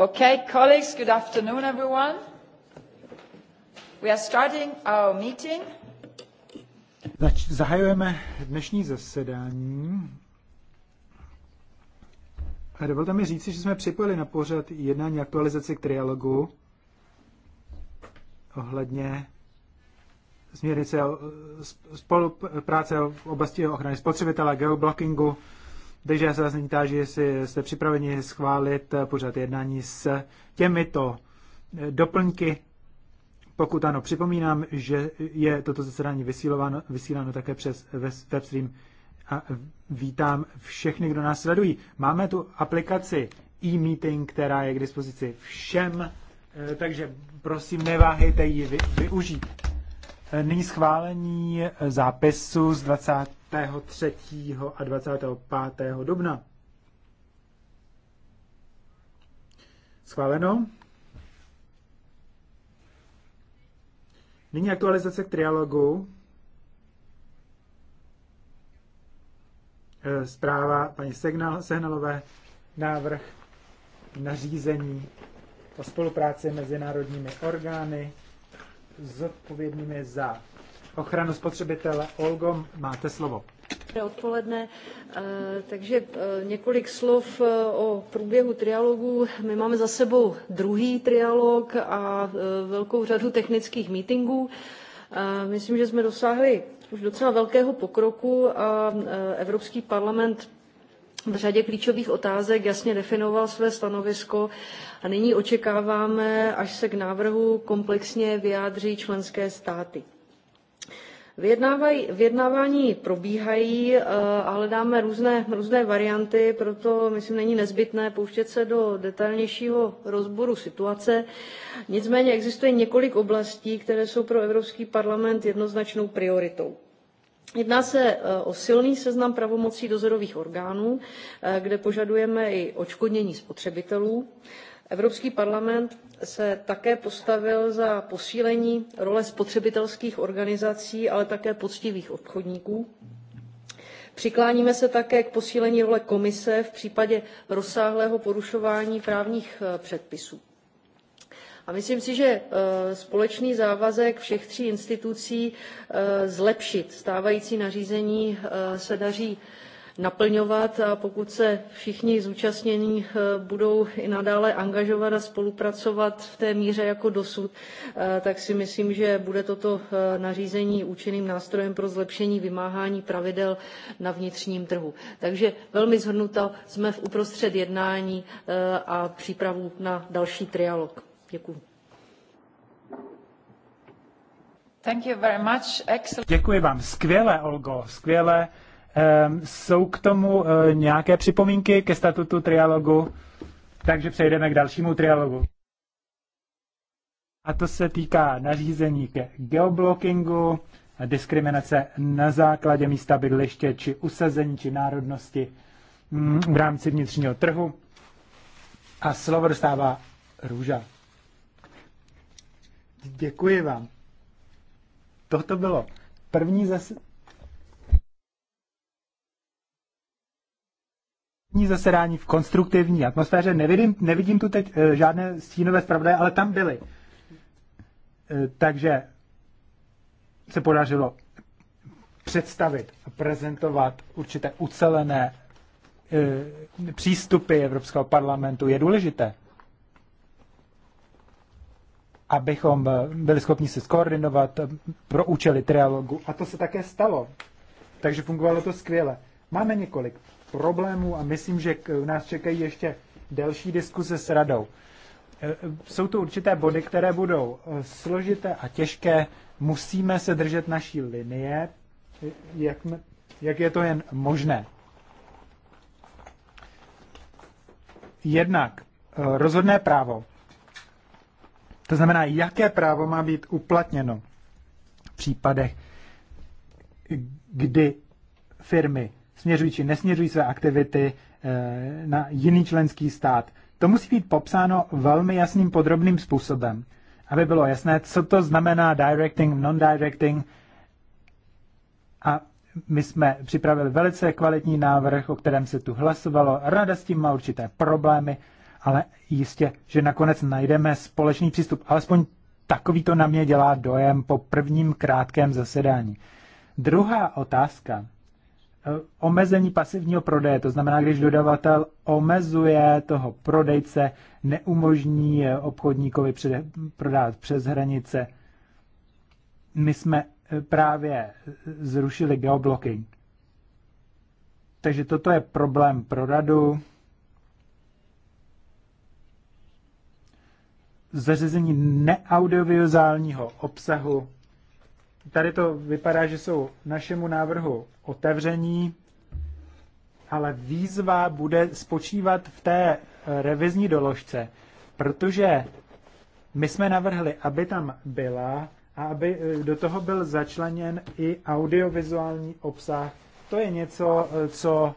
Okay, colleagues, good afternoon, everyone. We are starting our meeting. Zač- zahajujeme dnešní zasedání. A dovolte mi říci, že jsme připojili na pořad jednání aktualizace k trialogu ohledně směrnice spolupráce v oblasti ochrany spotřebitele, geoblockingu, takže já se vás nyní táži, jestli jste připraveni schválit eh, pořad jednání s těmito eh, doplňky. Pokud ano, připomínám, že je toto zasedání vysíláno, vysíláno také přes webstream a vítám všechny, kdo nás sledují. Máme tu aplikaci e-meeting, která je k dispozici všem, eh, takže prosím, neváhejte ji využít. Nyní schválení zápisu z 20. 23. a 25. dubna. Schváleno. Nyní aktualizace k trialogu. E, zpráva paní Sehnalové, návrh na řízení o spolupráci mezi národními orgány zodpovědnými za ochranu spotřebitele. Olgo, máte slovo. Dobré odpoledne. Eh, takže eh, několik slov eh, o průběhu trialogu. My máme za sebou druhý trialog a velkou řadu technických meetingů. Myslím, že jsme dosáhli už docela velkého pokroku a Evropský parlament v řadě klíčových otázek jasně definoval své stanovisko a nyní očekáváme, až se k návrhu komplexně vyjádří členské státy. Vyjednávání probíhají eh, a hledáme různé, různé varianty, proto myslím není nezbytné pouštět se do detailnějšího rozboru situace. Nicméně existuje několik oblastí, které jsou pro Evropský parlament jednoznačnou prioritou. Jedná se eh, o silný seznam pravomocí dozorových orgánů, eh, kde požadujeme i očkodnění spotřebitelů. Evropský parlament se také postavil za posílení role spotřebitelských organizací, ale také poctivých obchodníků. Přikláníme se také k posílení role komise v případě rozsáhlého porušování právních eh, předpisů. A myslím si, že eh, společný závazek všech tří institucí eh, zlepšit stávající nařízení se daří naplňovat a pokud se všichni zúčastnění eh, budou i nadále angažovat a spolupracovat v té míře jako dosud, eh, tak si myslím, že bude toto eh, nařízení účinným nástrojem pro zlepšení vymáhání pravidel na vnitřním trhu. Takže velmi zhrnuto jsme v uprostřed jednání a přípravu na další trialog. Děkuji. Děkuji vám. Skvěle, Olgo, skvěle. Jsou k tomu eh, nějaké připomínky ke statutu trialogu? Takže přejdeme k dalšímu trialogu. A to se týká nařízení ke geoblockingu, diskriminace na základě místa bydliště či usazení či národnosti mm, v rámci vnitřního trhu. A slovo dostává Růža. Děkuji vám. Toto bylo první zase parlamentní zasedání v konstruktivní atmosféře. Nevidím, nevidím tu teď eh, žádné stínové zpravodaje, ale tam byly. Eh, takže se podařilo představit a prezentovat určité ucelené eh, přístupy Evropského parlamentu. Je důležité, abychom byli schopni se skoordinovat pro účely trialogu. A to se také stalo. Takže fungovalo to skvěle. Máme několik problémů a myslím, že nás čekají ještě delší diskuse s radou. E, e, jsou to určité body, které budou e, složité a těžké. Musíme se držet naší linie, jak, jak je to jen možné. Jednak rozhodné právo. To znamená, jaké právo má být uplatněno v případech, kdy firmy směřují či nesměřují své aktivity eh, na jiný členský stát. To musí být popsáno velmi jasným podrobným způsobem, aby bylo jasné, co to znamená directing, non-directing. A my jsme připravili velice kvalitní návrh, o kterém se tu hlasovalo. Rada s tím má určité problémy, ale jistě, že nakonec najdeme společný přístup. Alespoň takový to na mě dělá dojem po prvním krátkém zasedání. Druhá otázka Eh, omezení pasivního prodeje, to znamená, když dodavatel omezuje toho prodejce, neumožní eh, obchodníkovi prodávat přes hranice. My jsme eh, právě zrušili geoblocking. Takže toto je problém pro radu. Zařazení neaudiovizuálního obsahu Tady to vypadá, že jsou našemu návrhu otevření, ale výzva bude spočívat v té eh, revizní doložce, protože my jsme navrhli, aby tam byla a aby eh, do toho byl začleněn i audiovizuální obsah. To je něco, eh, co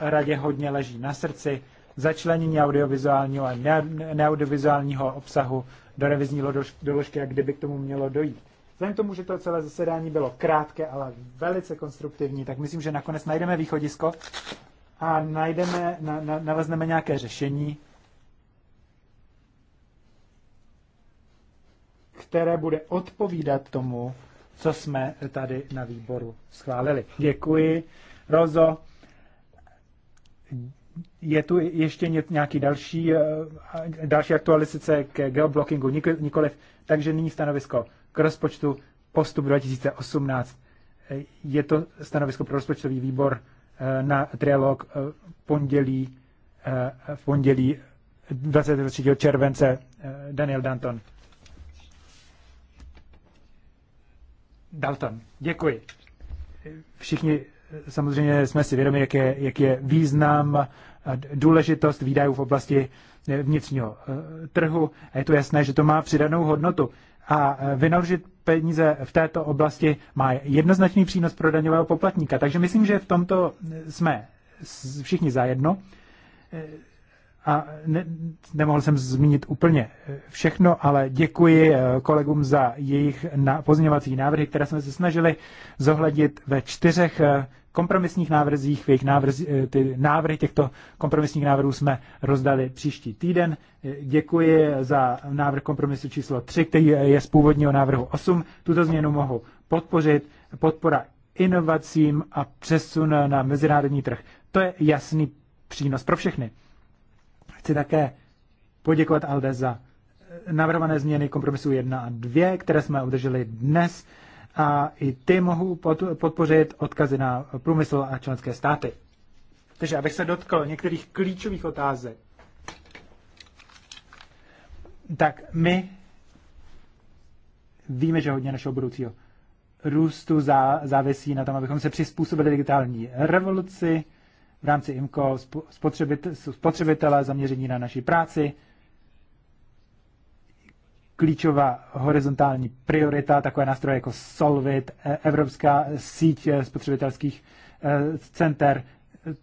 radě hodně leží na srdci. Začlenění audiovizuálního a neaudiovizuálního obsahu do revizní doložky, jak kdyby k tomu mělo dojít. Vzhledem tomu, že to celé zasedání bylo krátké, ale velice konstruktivní, tak myslím, že nakonec najdeme východisko a najdeme, na, na, nalezneme nějaké řešení, které bude odpovídat tomu, co jsme tady na výboru schválili. Děkuji, Rozo. Je tu ještě nějaký další, eh, další aktualizace k geoblockingu? Nikoliv. Takže nyní stanovisko k rozpočtu postup 2018. Je to stanovisko pro rozpočtový výbor eh, na trialog pondělí, eh, v pondělí 23. Eh, července Daniel Danton. Dalton, děkuji. Všichni samozřejmě jsme si vědomi, jak je, jak je význam důležitost výdajů v oblasti vnitřního trhu a je to jasné, že to má přidanou hodnotu a vynaložit peníze v této oblasti má jednoznačný přínos pro daňového poplatníka. Takže myslím, že v tomto jsme všichni zajedno. A ne, nemohl jsem zmínit úplně všechno, ale děkuji eh, kolegům za jejich pozměňovací návrhy, které jsme se snažili zohlednit ve čtyřech eh, kompromisních návrzích. Jejich návrzi, eh, ty návrhy těchto kompromisních návrhů jsme rozdali příští týden. Eh, děkuji za návrh kompromisu číslo 3, který je z původního návrhu 8. Tuto změnu mohu podpořit. Podpora inovacím a přesun na mezinárodní trh. To je jasný přínos pro všechny. Chci také poděkovat Alde za eh, navrhované změny kompromisu 1 a 2, které jsme udrželi dnes a i ty mohou podpořit odkazy na průmysl a členské státy. Takže abych se dotkl některých klíčových otázek, tak my víme, že hodně našeho budoucího růstu zá, závisí na tom, abychom se přizpůsobili digitální revoluci v rámci IMCO, spotřebit, spotřebitele, zaměření na naši práci, klíčová horizontální priorita, takové nástroje jako Solvit, e, Evropská síť e, spotřebitelských e, center,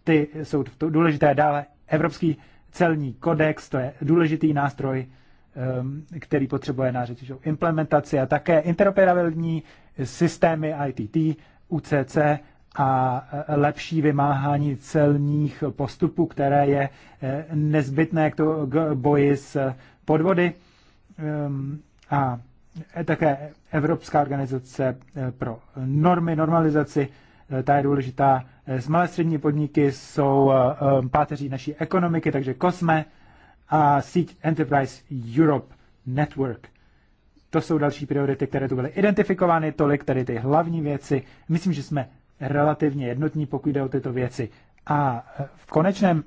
ty jsou důležité. Dále Evropský celní kodex, to je důležitý nástroj, který potřebuje na řečičou implementaci a také interoperabilní systémy ITT, UCC a lepší vymáhání celních postupů, které je nezbytné k, to, k boji s podvody. Ehm, a e, také Evropská organizace e, pro normy, normalizaci, e, ta je důležitá. Z malé střední podniky jsou páteří naší ekonomiky, takže COSME a síť Enterprise Europe Network. To jsou další priority, které tu byly identifikovány, tolik tady ty hlavní věci. Myslím, že jsme relativně jednotní, pokud jde o tyto věci. A v konečném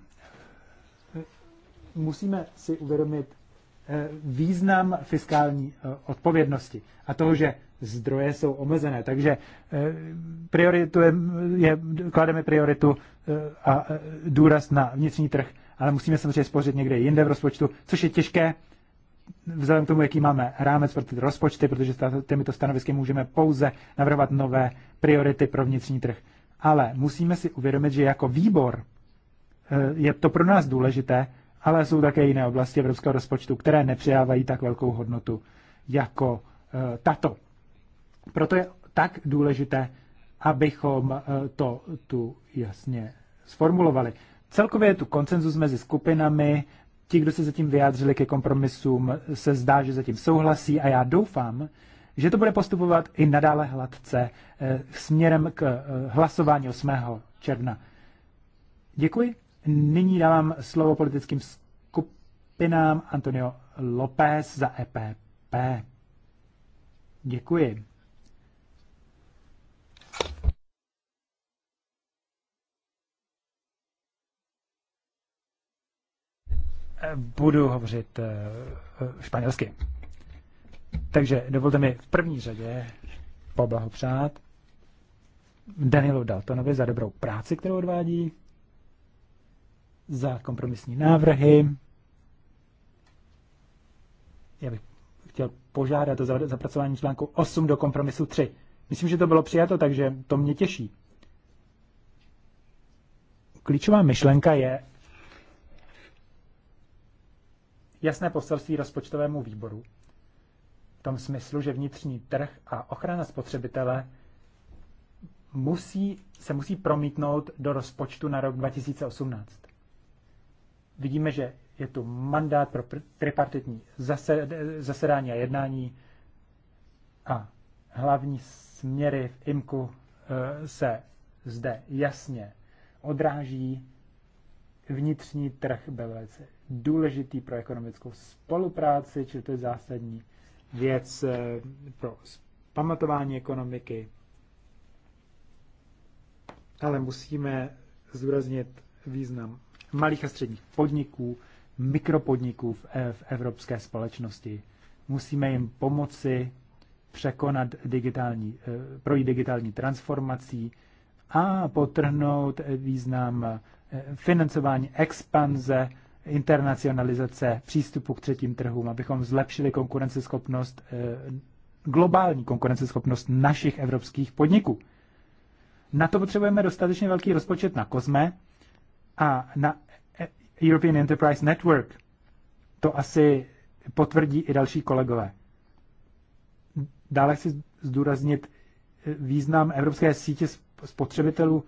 musíme si uvědomit, Eh, význam fiskální eh, odpovědnosti a toho, že zdroje jsou omezené. Takže eh, prioritu je, je, klademe prioritu a důraz na vnitřní trh, ale musíme samozřejmě spořit někde jinde v rozpočtu, což je těžké vzhledem k tomu, jaký máme rámec pro ty rozpočty, protože těmito stanovisky můžeme pouze navrhovat nové priority pro vnitřní trh. Ale musíme si uvědomit, že jako výbor je to pro nás důležité, ale jsou také jiné oblasti evropského rozpočtu, které nepřidávají tak velkou hodnotu jako eh, tato. Proto je tak důležité, abychom eh, to tu jasně sformulovali. Celkově je tu koncenzus mezi skupinami, ti, kdo se zatím vyjádřili ke kompromisům, se zdá, že zatím souhlasí a já doufám, že to bude postupovat i nadále hladce eh, směrem k hlasování 8. června. Děkuji Nyní dávám slovo politickým skupinám Antonio López za EPP. Děkuji. Budu hovořit eh, španělsky. Takže dovolte mi v první řadě poblahopřát Danielu Daltonovi za dobrou práci, kterou odvádí za kompromisní návrhy. Já bych chtěl požádat o zapracování článku 8 do kompromisu 3. Myslím, že to bylo přijato, takže to mě těší. Klíčová myšlenka je jasné poselství rozpočtovému výboru v tom smyslu, že vnitřní trh a ochrana spotřebitele musí, se musí promítnout do rozpočtu na rok 2018 vidíme, že je tu mandát pro tripartitní zasedání a jednání a hlavní směry v IMKU eh, se zde jasně odráží. Vnitřní trh byl velice důležitý pro ekonomickou spolupráci, čili to je zásadní věc eh, pro pamatování ekonomiky. Ale musíme zúraznit význam malých a středních podniků, mikropodniků v, e, v evropské společnosti. Musíme jim pomoci překonat digitální, e, projít digitální transformací a potrhnout význam e, financování expanze, internacionalizace přístupu k třetím trhům, abychom zlepšili konkurenceschopnost, globální konkurenceschopnost našich evropských podniků. Na to potřebujeme dostatečně velký rozpočet na kozme, a na European Enterprise Network. To asi potvrdí i další kolegové. Dále chci zdůraznit eh, význam Evropské sítě spotřebitelů,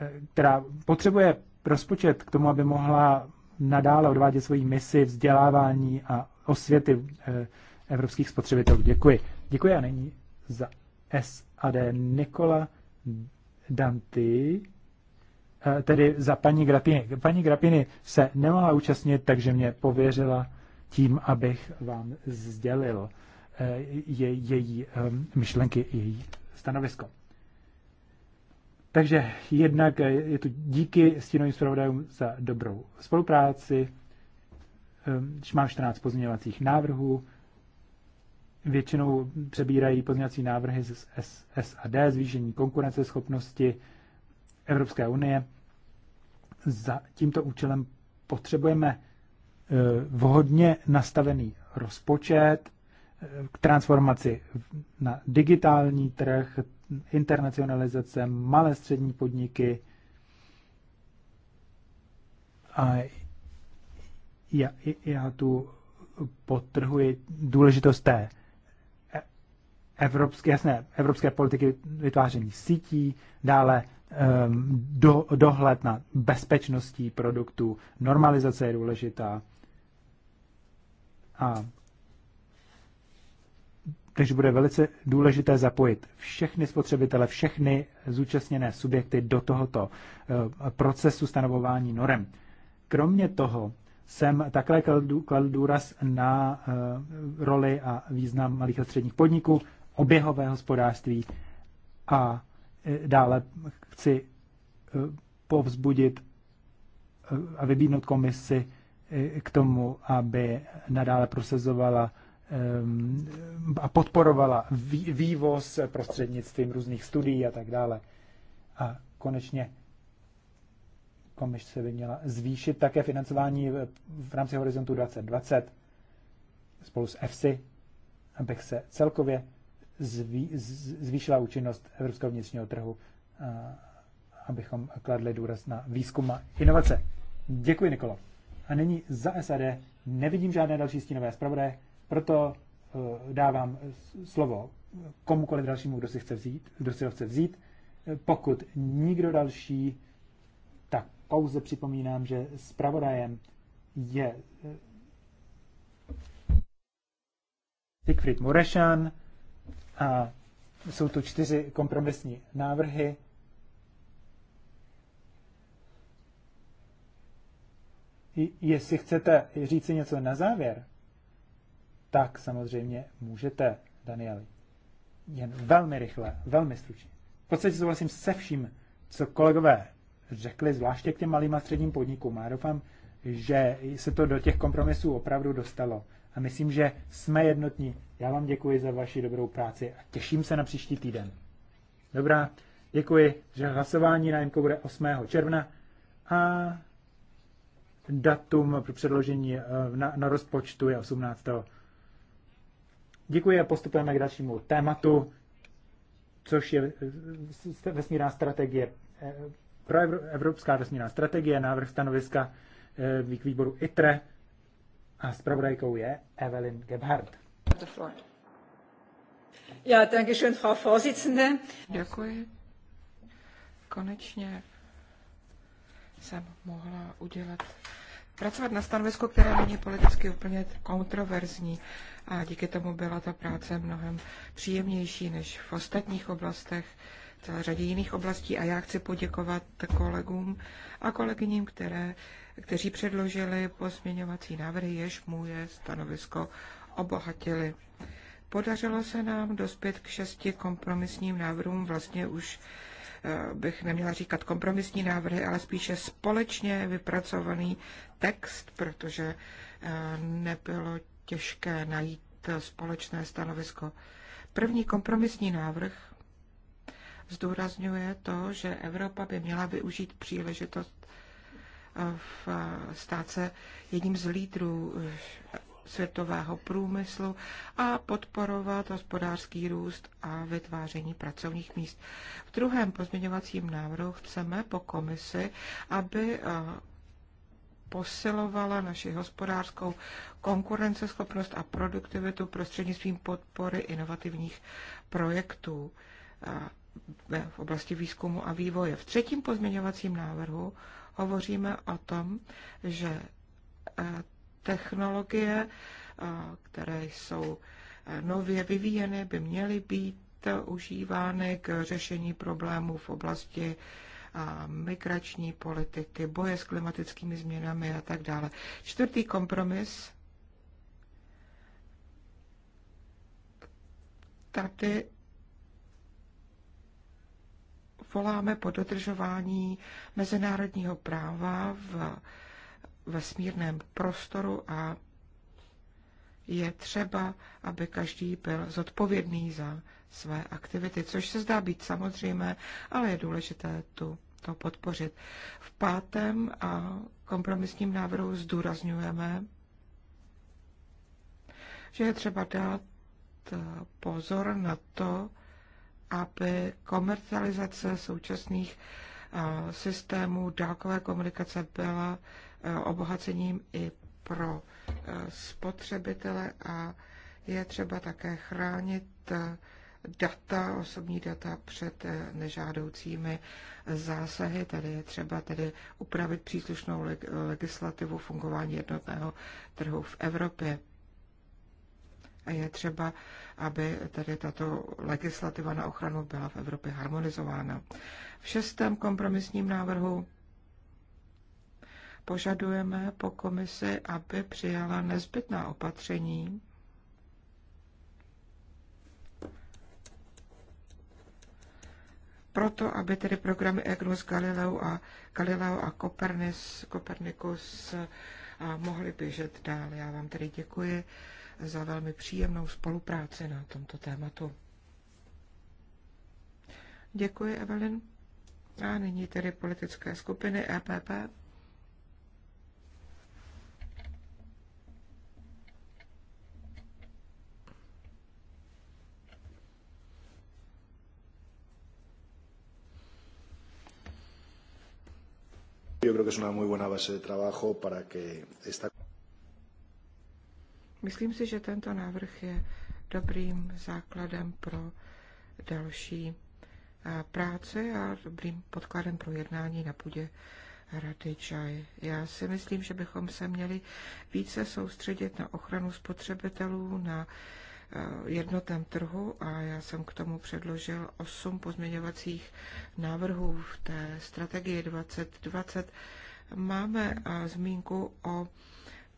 eh, která potřebuje rozpočet k tomu, aby mohla nadále odvádět svoji misi vzdělávání a osvěty eh, evropských spotřebitelů. Děkuji. Děkuji a není za SAD Nikola Danty. Eh, tedy za paní Grapiny. Paní Grapiny se nemohla účastnit, takže mě pověřila tím, abych vám sdělil eh, je, její ehm, myšlenky, její stanovisko. Takže jednak eh, je tu díky stínovým zpravodajům za dobrou spolupráci. Ehm, mám 14 pozměňovacích návrhů. Většinou přebírají pozměňovací návrhy z SAD, zvýšení konkurenceschopnosti Evropské unie za tímto účelem potřebujeme e, vhodně nastavený rozpočet e, k transformaci na digitální trh, internacionalizace, malé střední podniky. A já, já tu potrhuji důležitost té evropské, jasné, evropské politiky vytváření sítí, dále Ehm, do, dohled nad bezpečností produktů, normalizace je důležitá. A takže bude velice důležité zapojit všechny spotřebitele, všechny zúčastněné subjekty do tohoto eh, procesu stanovování norem. Kromě toho jsem také kladl důraz na eh, roli a význam malých a středních podniků, oběhové hospodářství a Eh, dále chci eh, povzbudit eh, a vybídnout komisi k tomu, aby nadále prosazovala ehm, a podporovala vývoz prostřednictvím různých studií a tak dále. A konečně komise by měla zvýšit také financování v rámci Horizontu 2020 spolu s EFSI, abych se celkově zvýšila účinnost evropského vnitřního trhu, abychom kladli důraz na výzkum a inovace. Děkuji, Nikolo. A nyní za SAD nevidím žádné další stínové zpravodaje, proto e, dávám slovo komukoliv dalšímu, kdo si, chce vzít, kdo si ho chce vzít. E, pokud nikdo další, tak pouze připomínám, že zpravodajem je e, Siegfried Murešan. A jsou tu čtyři kompromisní návrhy. Jestli chcete říci něco na závěr, tak samozřejmě můžete, Danieli. Jen velmi rychle, velmi stručně. V podstatě souhlasím se vším, co kolegové řekli, zvláště k těm malým a středním podnikům. Já doufám, že se to do těch kompromisů opravdu dostalo a myslím, že jsme jednotní. Já vám děkuji za vaši dobrou práci a těším se na příští týden. Dobrá, děkuji, že hlasování na IMKO bude 8. června a datum pro předložení eh, na, na rozpočtu je 18. Děkuji a postupujeme k dalšímu tématu, což je eh, vesmírná strategie, eh, pro Evropská vesmírná strategie, návrh stanoviska k výboru ITRE. A zpravodajkou je Evelyn Gebhardt. Ja, danke schön, Frau Vorsitzende. Děkuji. Konečně jsem mohla udělat pracovat na stanovisku, které není politicky úplně kontroverzní a díky tomu byla ta práce mnohem příjemnější než v ostatních oblastech, celé řadě jiných oblastí a já chci poděkovat kolegům a kolegyním, které kteří předložili pozměňovací návrhy, jež mu je stanovisko obohatili. Podařilo se nám dospět k šesti kompromisním návrhům, vlastně už eh, bych neměla říkat kompromisní návrhy, ale spíše společně vypracovaný text, protože eh, nebylo těžké najít společné stanovisko. První kompromisní návrh zdůrazňuje to, že Evropa by měla využít příležitost v stát se jedním z lídrů eh, světového průmyslu a podporovat hospodářský růst a vytváření pracovních míst. V druhém pozměňovacím návrhu chceme po komisi, aby eh, posilovala naši hospodářskou konkurenceschopnost a produktivitu prostřednictvím podpory inovativních projektů eh, v oblasti výzkumu a vývoje. V třetím pozměňovacím návrhu hovoříme o tom, že eh, technologie, eh, které jsou eh, nově vyvíjeny, by měly být užívány k řešení problémů v oblasti migrační politiky, boje s klimatickými změnami a tak dále. Čtvrtý kompromis. Tady voláme po dodržování mezinárodního práva v vesmírném prostoru a je třeba, aby každý byl zodpovědný za své aktivity, což se zdá být samozřejmé, ale je důležité tu to podpořit. V pátém a kompromisním návrhu zdůrazňujeme, že je třeba dát pozor na to, aby komercializace současných eh, systémů dálkové komunikace byla eh, obohacením i pro eh, spotřebitele a je třeba také chránit data, osobní data před nežádoucími zásahy. Tady je třeba tedy upravit příslušnou legislativu fungování jednotného trhu v Evropě. A je třeba, aby tedy tato legislativa na ochranu byla v Evropě harmonizována. V šestém kompromisním návrhu požadujeme po komisi, aby přijala nezbytná opatření, proto, aby tedy programy EGNOS Galileo a, Galileo a Copernicus, Kopernikus mohly běžet dál. Já vám tedy děkuji za velmi příjemnou spolupráci na tomto tématu. Děkuji, Evelyn. A nyní tedy politické skupiny EPP. Yo creo que es una muy buena base de trabajo para que esta Myslím si, že tento návrh je dobrým základem pro další práce a dobrým podkladem pro jednání na půdě Rady čaj. Já si myslím, že bychom se měli více soustředit na ochranu spotřebitelů, na jednotném trhu a já jsem k tomu předložil osm pozměňovacích návrhů v té strategii 2020. Máme zmínku o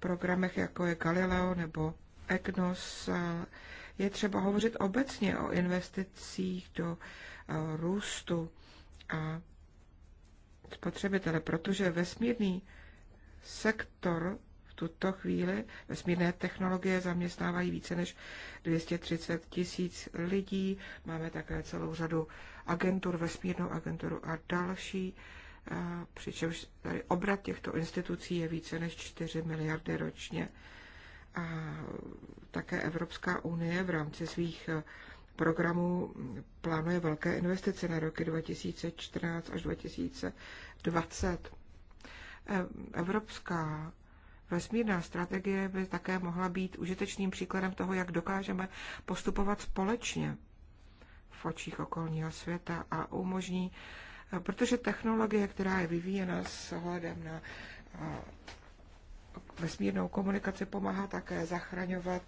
programech, jako je Galileo nebo EGNOS, je třeba hovořit obecně o investicích do růstu a spotřebitele, protože vesmírný sektor v tuto chvíli, vesmírné technologie zaměstnávají více než 230 tisíc lidí. Máme také celou řadu agentur, vesmírnou agenturu a další přičemž tady obrat těchto institucí je více než 4 miliardy ročně. A také Evropská unie v rámci svých eh, programů plánuje velké investice na roky 2014 až 2020. Eh, Evropská vesmírná strategie by také mohla být užitečným příkladem toho, jak dokážeme postupovat společně v očích okolního světa a umožní protože technologie, která je vyvíjena s ohledem na vesmírnou komunikaci, pomáhá také zachraňovat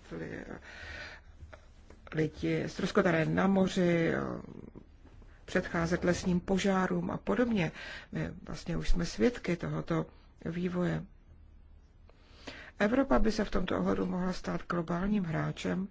lidi ztroskotané na moři, předcházet lesním požárům a podobně. My vlastně už jsme svědky tohoto vývoje. Evropa by se v tomto ohledu mohla stát globálním hráčem,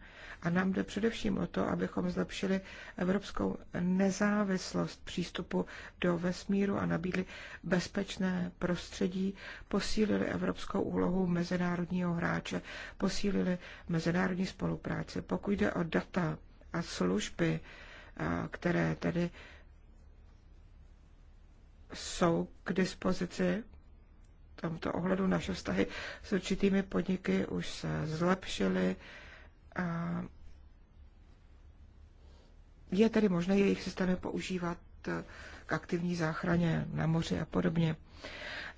a nám jde především o to, abychom zlepšili evropskou nezávislost přístupu do vesmíru a nabídli bezpečné prostředí, posílili evropskou úlohu mezinárodního hráče, posílili mezinárodní spolupráci. Pokud jde o data a služby, které tedy jsou k dispozici v tomto ohledu naše vztahy s určitými podniky už se zlepšily. A je tedy možné jejich systémy používat eh, k aktivní záchraně na moři a podobně.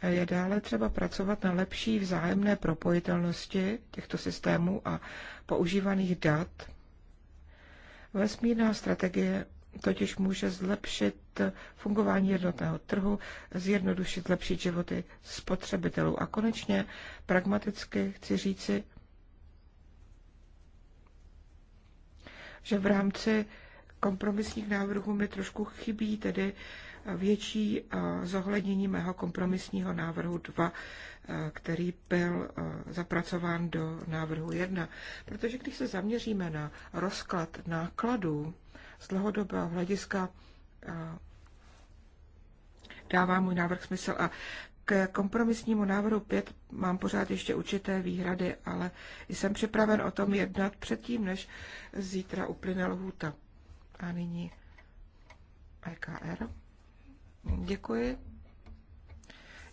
Eh, je dále třeba pracovat na lepší vzájemné propojitelnosti těchto systémů a používaných dat. Vesmírná strategie totiž může zlepšit eh, fungování jednotného trhu, zjednodušit, lepší životy spotřebitelů. A konečně pragmaticky chci říci, že v rámci kompromisních návrhů mi trošku chybí, tedy větší eh, zohlednění mého kompromisního návrhu 2, eh, který byl eh, zapracován do návrhu 1. Protože když se zaměříme na rozklad nákladů z dlouhodobého hlediska, dává můj návrh smysl a k kompromisnímu návrhu 5 mám pořád ještě určité výhrady, ale jsem připraven o tom jednat předtím, než zítra uplyne lhůta. A nyní EKR. Děkuji.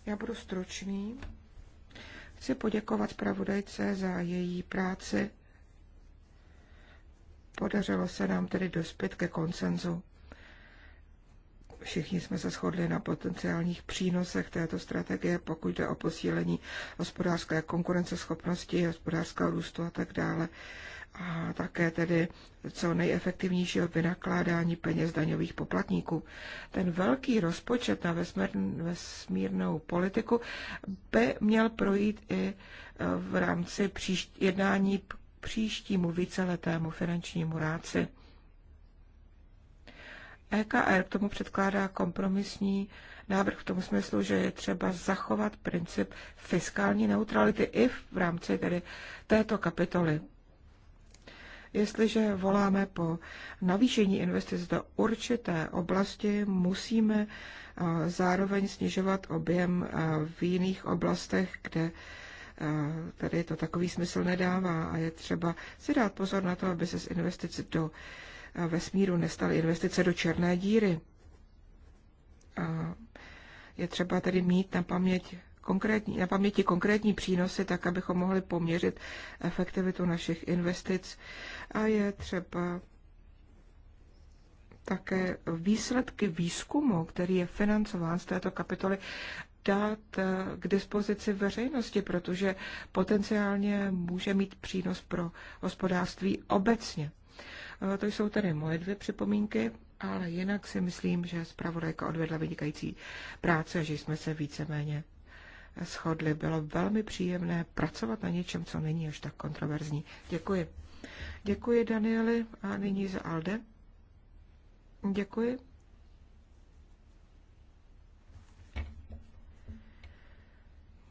Já budu stručný. Chci poděkovat pravodajce za její práci. Podařilo se nám tedy dospět ke konsenzu. Všichni jsme se shodli na potenciálních přínosech této strategie, pokud jde o posílení hospodářské konkurenceschopnosti, hospodářského růstu a tak dále a také tedy co nejefektivnějšího vynakládání peněz daňových poplatníků. Ten velký rozpočet na vesmírnou politiku by měl projít i e, v rámci jednání příštímu víceletému finančnímu ráci. EKR k tomu předkládá kompromisní návrh v tom smyslu, že je třeba zachovat princip fiskální neutrality i v rámci tedy této kapitoly Jestliže voláme po navýšení investic do určité oblasti, musíme eh, zároveň snižovat objem eh, v jiných oblastech, kde eh, tady to takový smysl nedává a je třeba si dát pozor na to, aby se z investic do vesmíru nestaly investice do černé díry. A je třeba tedy mít na paměť konkrétní, na paměti konkrétní přínosy, tak abychom mohli poměřit efektivitu našich investic. A je třeba také výsledky výzkumu, který je financován z této kapitoly, dát eh, k dispozici veřejnosti, protože potenciálně může mít přínos pro hospodářství obecně. Eh, to jsou tedy moje dvě připomínky, ale jinak si myslím, že zpravodajka odvedla vynikající práce, že jsme se víceméně shodli. Bylo velmi příjemné pracovat na něčem, co není až tak kontroverzní. Děkuji. Děkuji, Danieli, a nyní za Alde. Děkuji.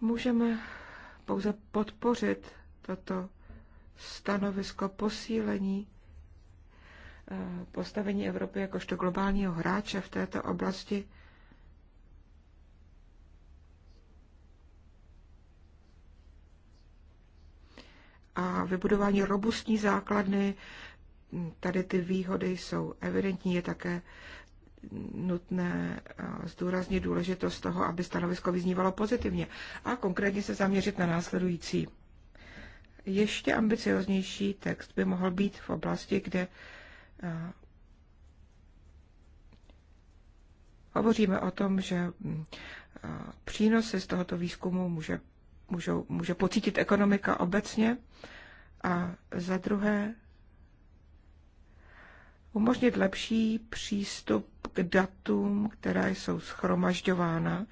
Můžeme pouze podpořit toto stanovisko posílení eh, postavení Evropy jakožto globálního hráče v této oblasti a vybudování robustní základny. Tady ty výhody jsou evidentní, je také nutné eh, zdůraznit důležitost toho, aby stanovisko vyznívalo pozitivně a konkrétně se zaměřit na následující. Ještě ambicioznější text by mohl být v oblasti, kde eh, hovoříme o tom, že mm, eh, přínosy z tohoto výzkumu může můžou, může pocítit ekonomika obecně. A za druhé, umožnit lepší přístup k datům, která jsou schromažďována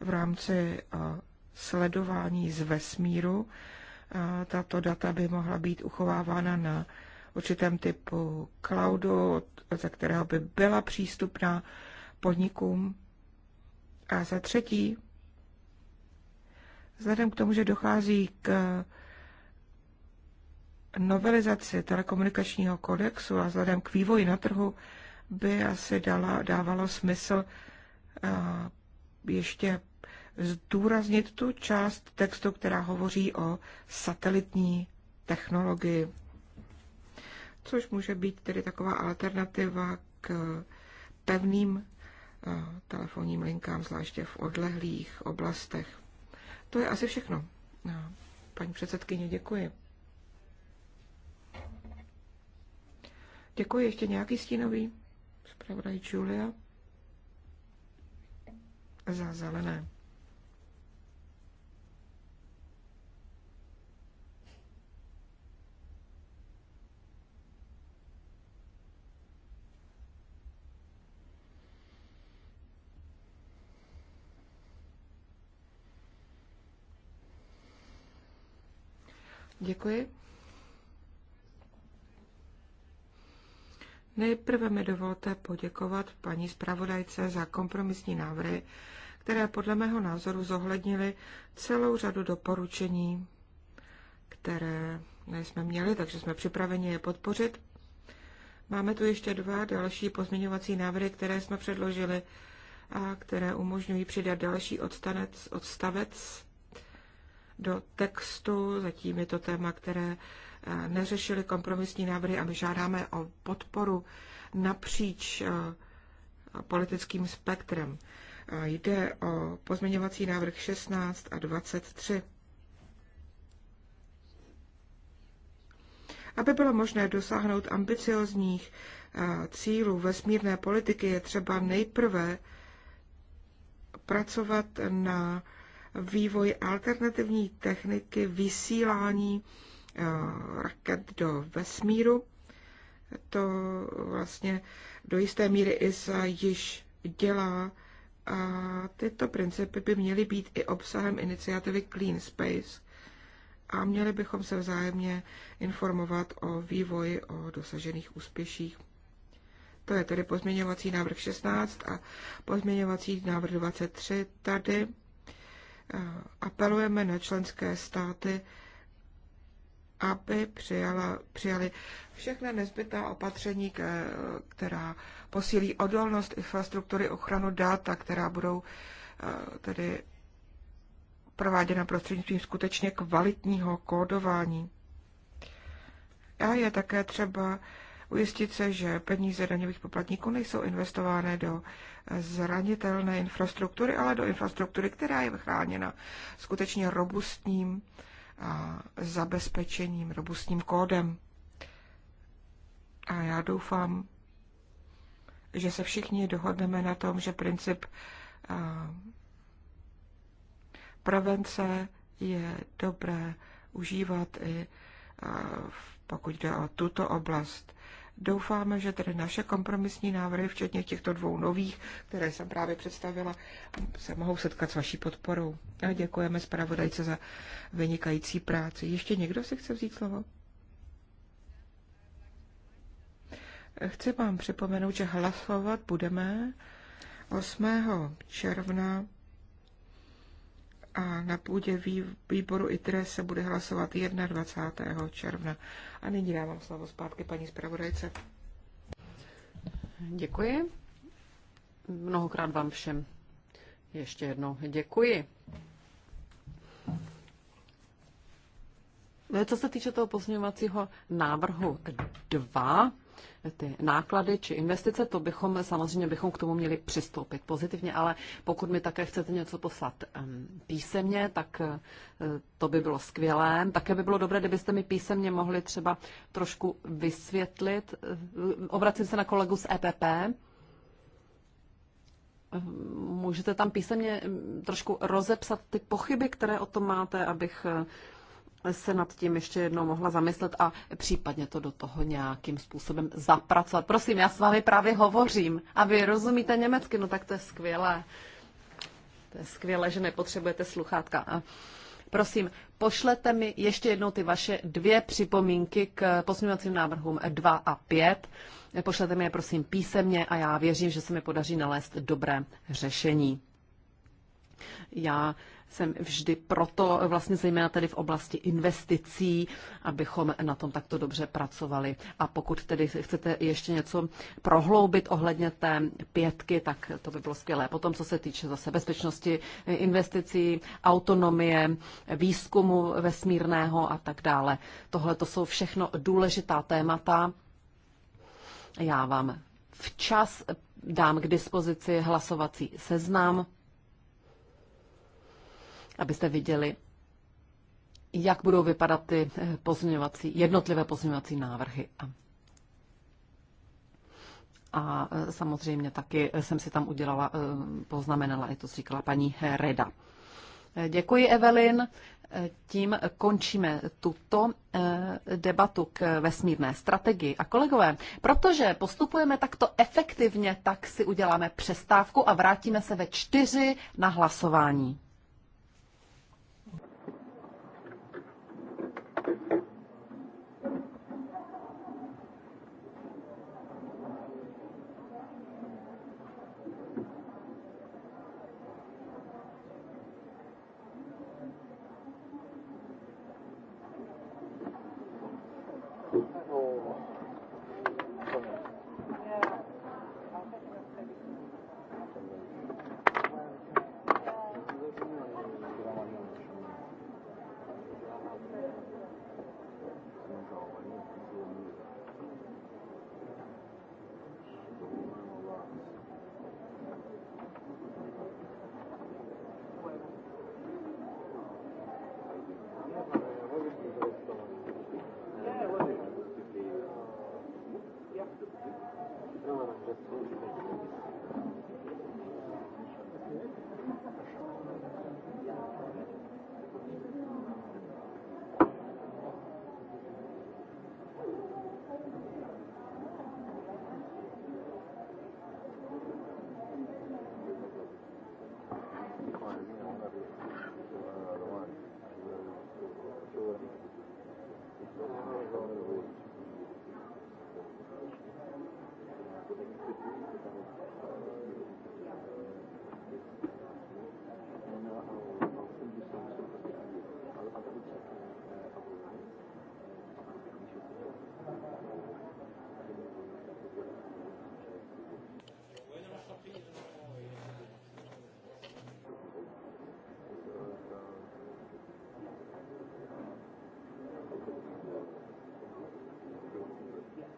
v rámci sledování z vesmíru. Tato data by mohla být uchovávána na určitém typu cloudu, za kterého by byla přístupná podnikům. A za třetí, Vzhledem k tomu, že dochází k novelizaci telekomunikačního kodexu a vzhledem k vývoji na trhu by asi dala, dávalo smysl ještě zdůraznit tu část textu, která hovoří o satelitní technologii, což může být tedy taková alternativa k pevným telefonním linkám, zvláště v odlehlých oblastech. To je asi všechno. No, paní předsedkyně, děkuji. Děkuji. Ještě nějaký stínový? Zpravodaj Julia. Za zelené. Děkuji. Nejprve mi dovolte poděkovat paní zpravodajce za kompromisní návrhy, které podle mého názoru zohlednily celou řadu doporučení, které jsme měli, takže jsme připraveni je podpořit. Máme tu ještě dva další pozměňovací návrhy, které jsme předložili a které umožňují přidat další odstanec, odstavec do textu. Zatím je to téma, které eh, neřešili kompromisní návrhy a my žádáme o podporu napříč eh, politickým spektrem. Eh, jde o pozměňovací návrh 16 a 23. Aby bylo možné dosáhnout ambiciozních cílů vesmírné politiky, je třeba nejprve pracovat na vývoj alternativní techniky vysílání eh, raket do vesmíru. To vlastně do jisté míry ISA již dělá a tyto principy by měly být i obsahem iniciativy Clean Space a měli bychom se vzájemně informovat o vývoji, o dosažených úspěších. To je tedy pozměňovací návrh 16 a pozměňovací návrh 23 tady apelujeme na členské státy, aby přijala, přijali všechna nezbytná opatření, která posílí odolnost infrastruktury, ochranu data, která budou e, tedy prováděna prostřednictvím skutečně kvalitního kódování. A je také třeba ujistit se, že peníze daňových poplatníků nejsou investovány do eh, zranitelné infrastruktury, ale do infrastruktury, která je chráněna skutečně robustním zabezpečením, robustním kódem. A já doufám, že se všichni dohodneme na tom, že princip prevence je dobré užívat i pokud jde o tuto oblast. Doufáme, že tedy naše kompromisní návrhy, včetně těchto dvou nových, které jsem právě představila, se mohou setkat s vaší podporou. A děkujeme zpravodajce za vynikající práci. Ještě někdo si chce vzít slovo? Chci vám připomenout, že hlasovat budeme 8. června a na půdě výboru ITRE se bude hlasovat 21. června. A nyní dávám slovo zpátky paní zpravodajce. Děkuji. Mnohokrát vám všem ještě jednou děkuji. Co se týče toho pozměňovacího návrhu 2, ty náklady či investice, to bychom samozřejmě bychom k tomu měli přistoupit pozitivně, ale pokud mi také chcete něco poslat písemně, tak eh, to by bylo skvělé. Také by bylo dobré, kdybyste mi písemně mohli třeba trošku vysvětlit. Eh, obracím se na kolegu z EPP. Můžete tam písemně trošku rozepsat ty pochyby, které o tom máte, abych eh, se nad tím ještě jednou mohla zamyslet a případně to do toho nějakým způsobem zapracovat. Prosím, já s vámi právě hovořím a vy rozumíte německy, no tak to je skvělé. To je skvělé, že nepotřebujete sluchátka. Prosím, pošlete mi ještě jednou ty vaše dvě připomínky k posměvacím návrhům 2 a 5. Pošlete mi je prosím písemně a já věřím, že se mi podaří nalézt dobré řešení. Já jsem vždy proto, vlastně zejména tady v oblasti investicí, abychom na tom takto dobře pracovali. A pokud tedy chcete ještě něco prohloubit ohledně té pětky, tak to by bylo skvělé. Potom, co se týče zase bezpečnosti investicí, autonomie, výzkumu vesmírného a tak dále. Tohle to jsou všechno důležitá témata. Já vám včas dám k dispozici hlasovací seznam abyste viděli, jak budou vypadat ty eh, pozměňovací, jednotlivé pozměňovací návrhy. A eh, samozřejmě taky eh, jsem si tam udělala, poznamenala, i to říkala paní Reda. Děkuji, Evelyn. Tím končíme tuto debatu k vesmírné strategii. A kolegové, protože postupujeme takto efektivně, tak si uděláme přestávku a vrátíme se ve čtyři na hlasování.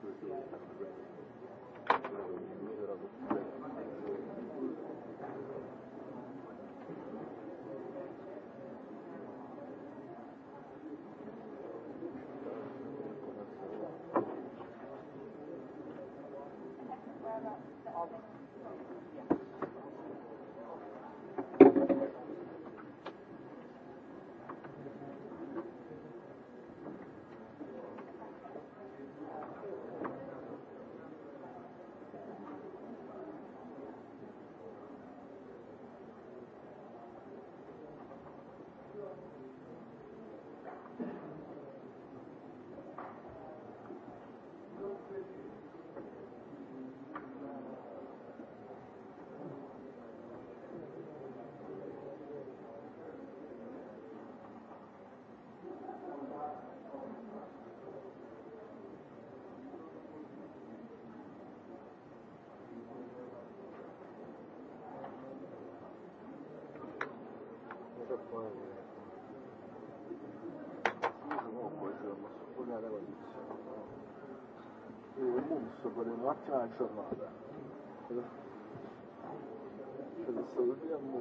Thank you. böyle maç açılmadı. Şöyle sığırıyor mu?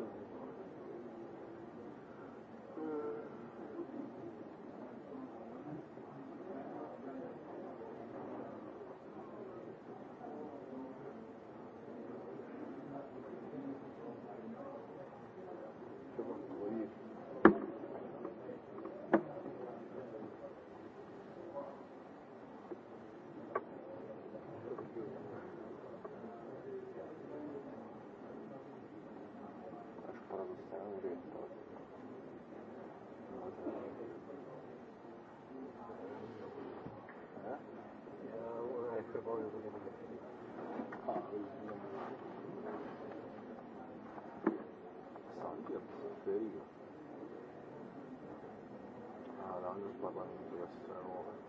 There you go. Uh, I'm just like, I'm just, I don't know.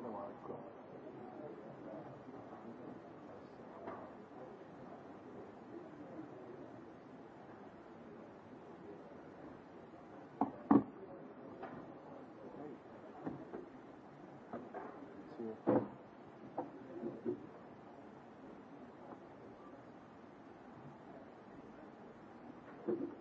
Buongiorno Marco. Thank you.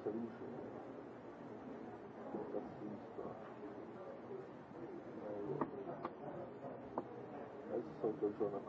Eso es lo que yo no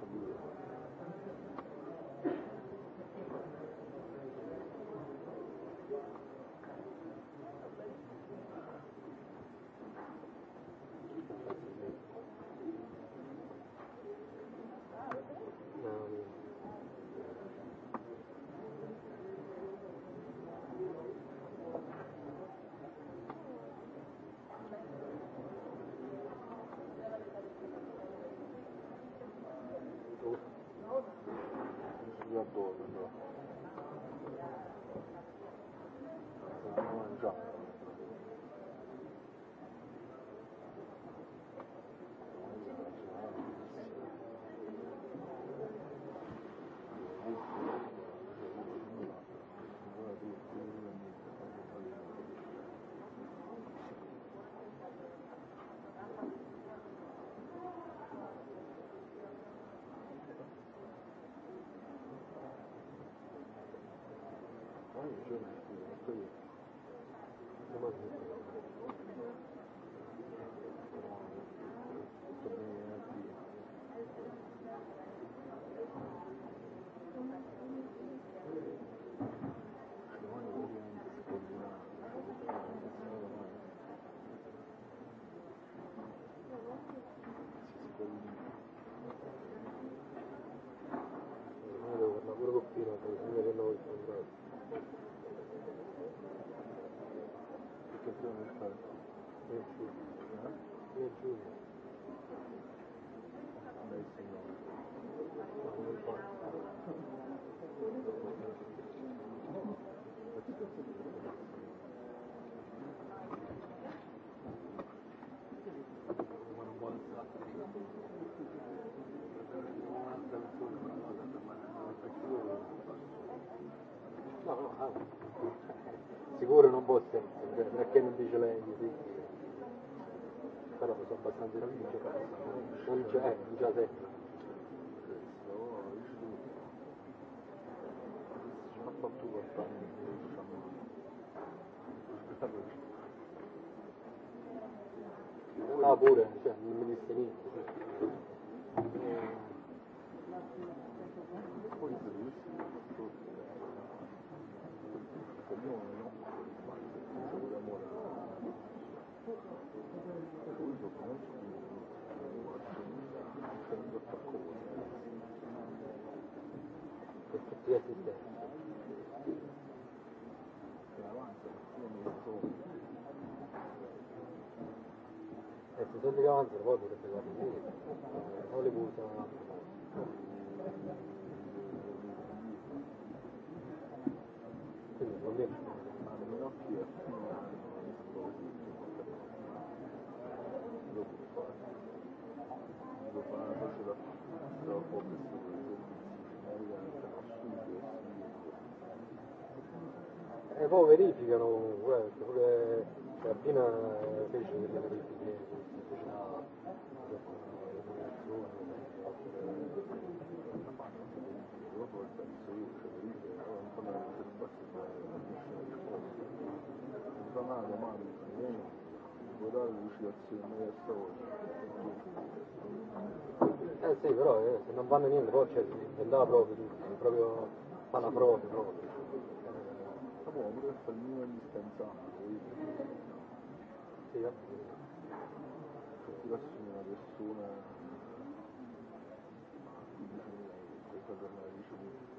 vypadat. Je Julia. Je Julia. potrebbe eh, avanti, poi potrebbe guardare poi le buttano un altro quindi il problema e poi verificano, guarda, pure fece delle verifiche Eh sì, però eh, se non vanno niente poi c'è cioè, andava proprio tutto, proprio fanno a prove proprio. Ma buono, questo è il mio indispensabile. Sì, eh attivazione di una persona questa per la ricevuta.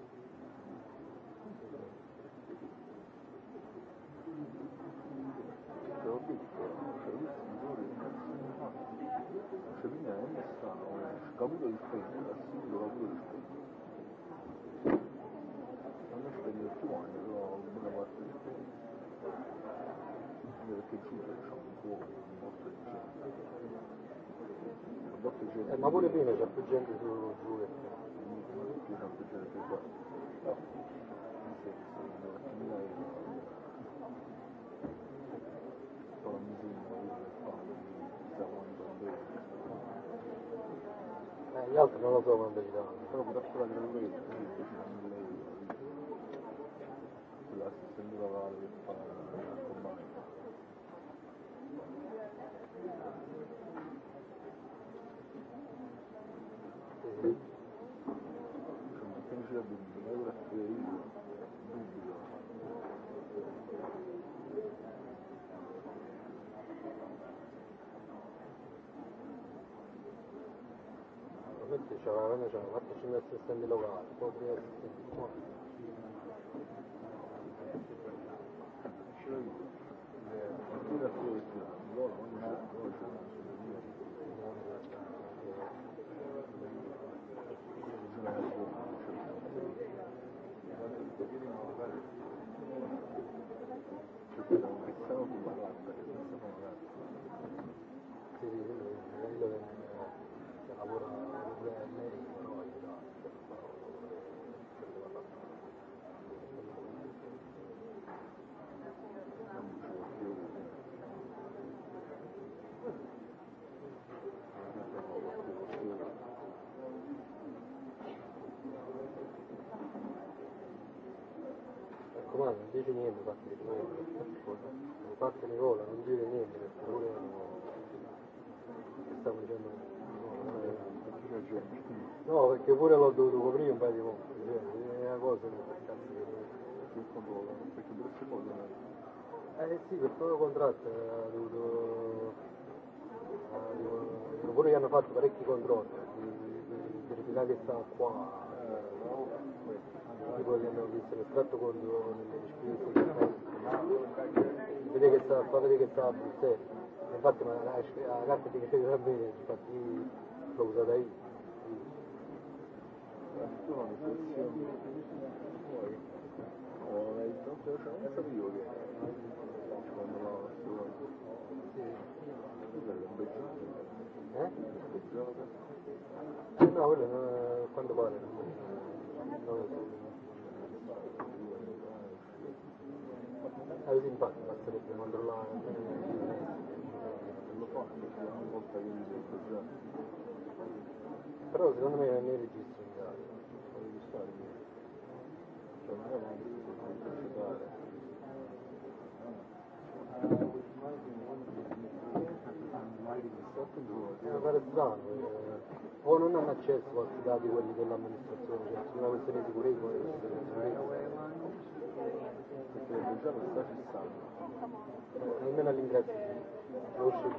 Te l'ho detto, c'è un signore di cazzino fatto. C'è una M strana, un scavuto di spento, a singolo cavuto di spento. Non è spento il tuo anno, però una parte di spento. Perché giù c'è un cuore, un morto di gente ma pure prima c'è più gente su giù che qui c'è più gente qua eh, gli altri non lo so quando gli danno però pure quella che non vedo quella si sembrava che avendo già fatto 5-6 mila locali, proprio no perché pure l'ho dovuto coprire un paio di volte è una cosa che per cazzo che eh sì per contratto ha dovuto ha, pure gli hanno fatto parecchi controlli per verificare che stava qua tipo che hanno visto l'estratto con le vede che stava, fa vedere che sta a Bruxelles. Infatti ma la, la carta credito va bene, infatti l'ho usata io. Eh? No, quello eh, quando pare. Non lo so. No. Hay impatti la sarebbe controllare non lo so, una volta che mi però secondo me è registro in gara, non registrare cioè non è o non hanno accesso a dati quelli dell'amministrazione, cioè una questione di sicurezza, perché già lo sta fissando almeno all'ingresso lo uscito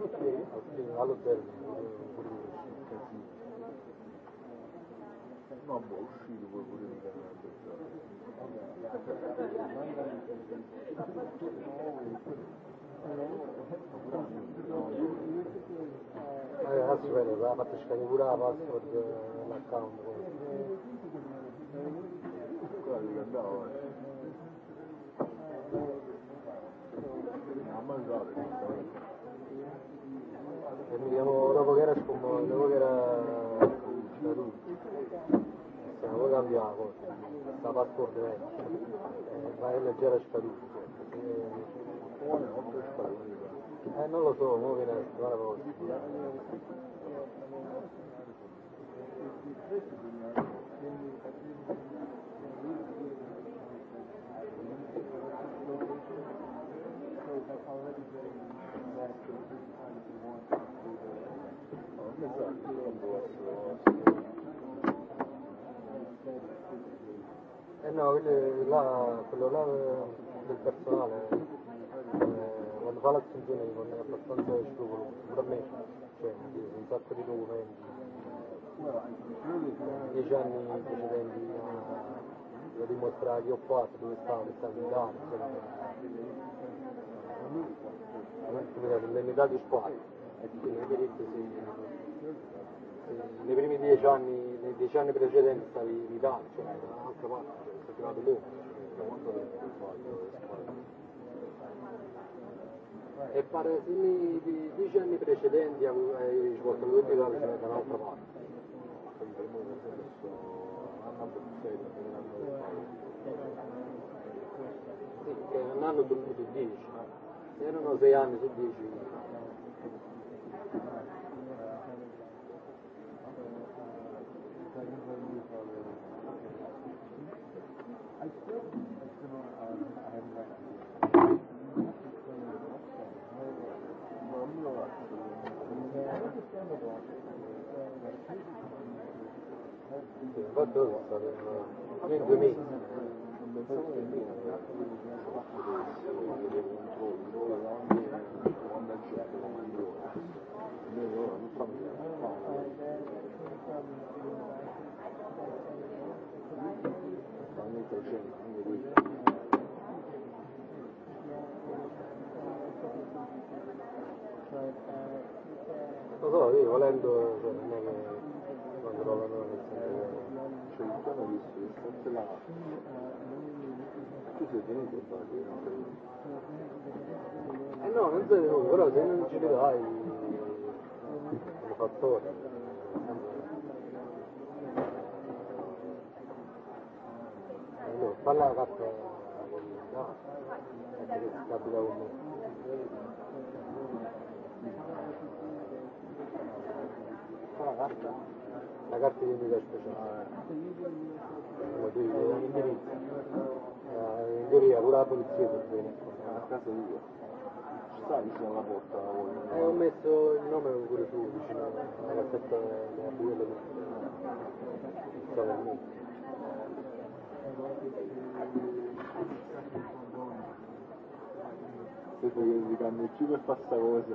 uscito all'hotel no boh uscito poi pure di adesso bene ha fatto scaricare pure la password l'account l'anniversario. A mangiare. E vediamo dopo che era scommodo, dopo che era scaduto. Stavo cambiando, sta passaporto vecchio. Ma è leggera scaduto. Eh non lo so, muovi la settimana prossima. انه لا كله لا للبرسونال والغلط سجن يقول لك بس شغل برمي شيء يذكر له وين Negli anni precedenti a eh, dimostrare che ho fatto dove stavo, che stavo in Italia, insomma, l'indennità di squadra, e quindi vedete se nei primi dieci anni, nei dieci anni precedenti stavi in Italia, cioè da un'altra parte, sei arrivato tu. Quanto E pare se nei dieci anni precedenti hai svolto tutto in Italia, cioè da un'altra parte. Sì, che un anno tu dieci, erano sei anni su dieci. 2012 I mean 2000 Non so, io volendo, cioè, non è che quando lo şeytan aleyhisselam selam. Cos'è venuto a no, non sei però se non ci fattore. parla la carta la carta? La carta di speciale. L'indirizzo. In teoria pure la polizia per bene. A casa mia. Ci sta vicino alla porta. Eh, ho messo il nome pure tu vicino alla cassetta della buia della Stava lì. Se tu che si cannucci per passa cose.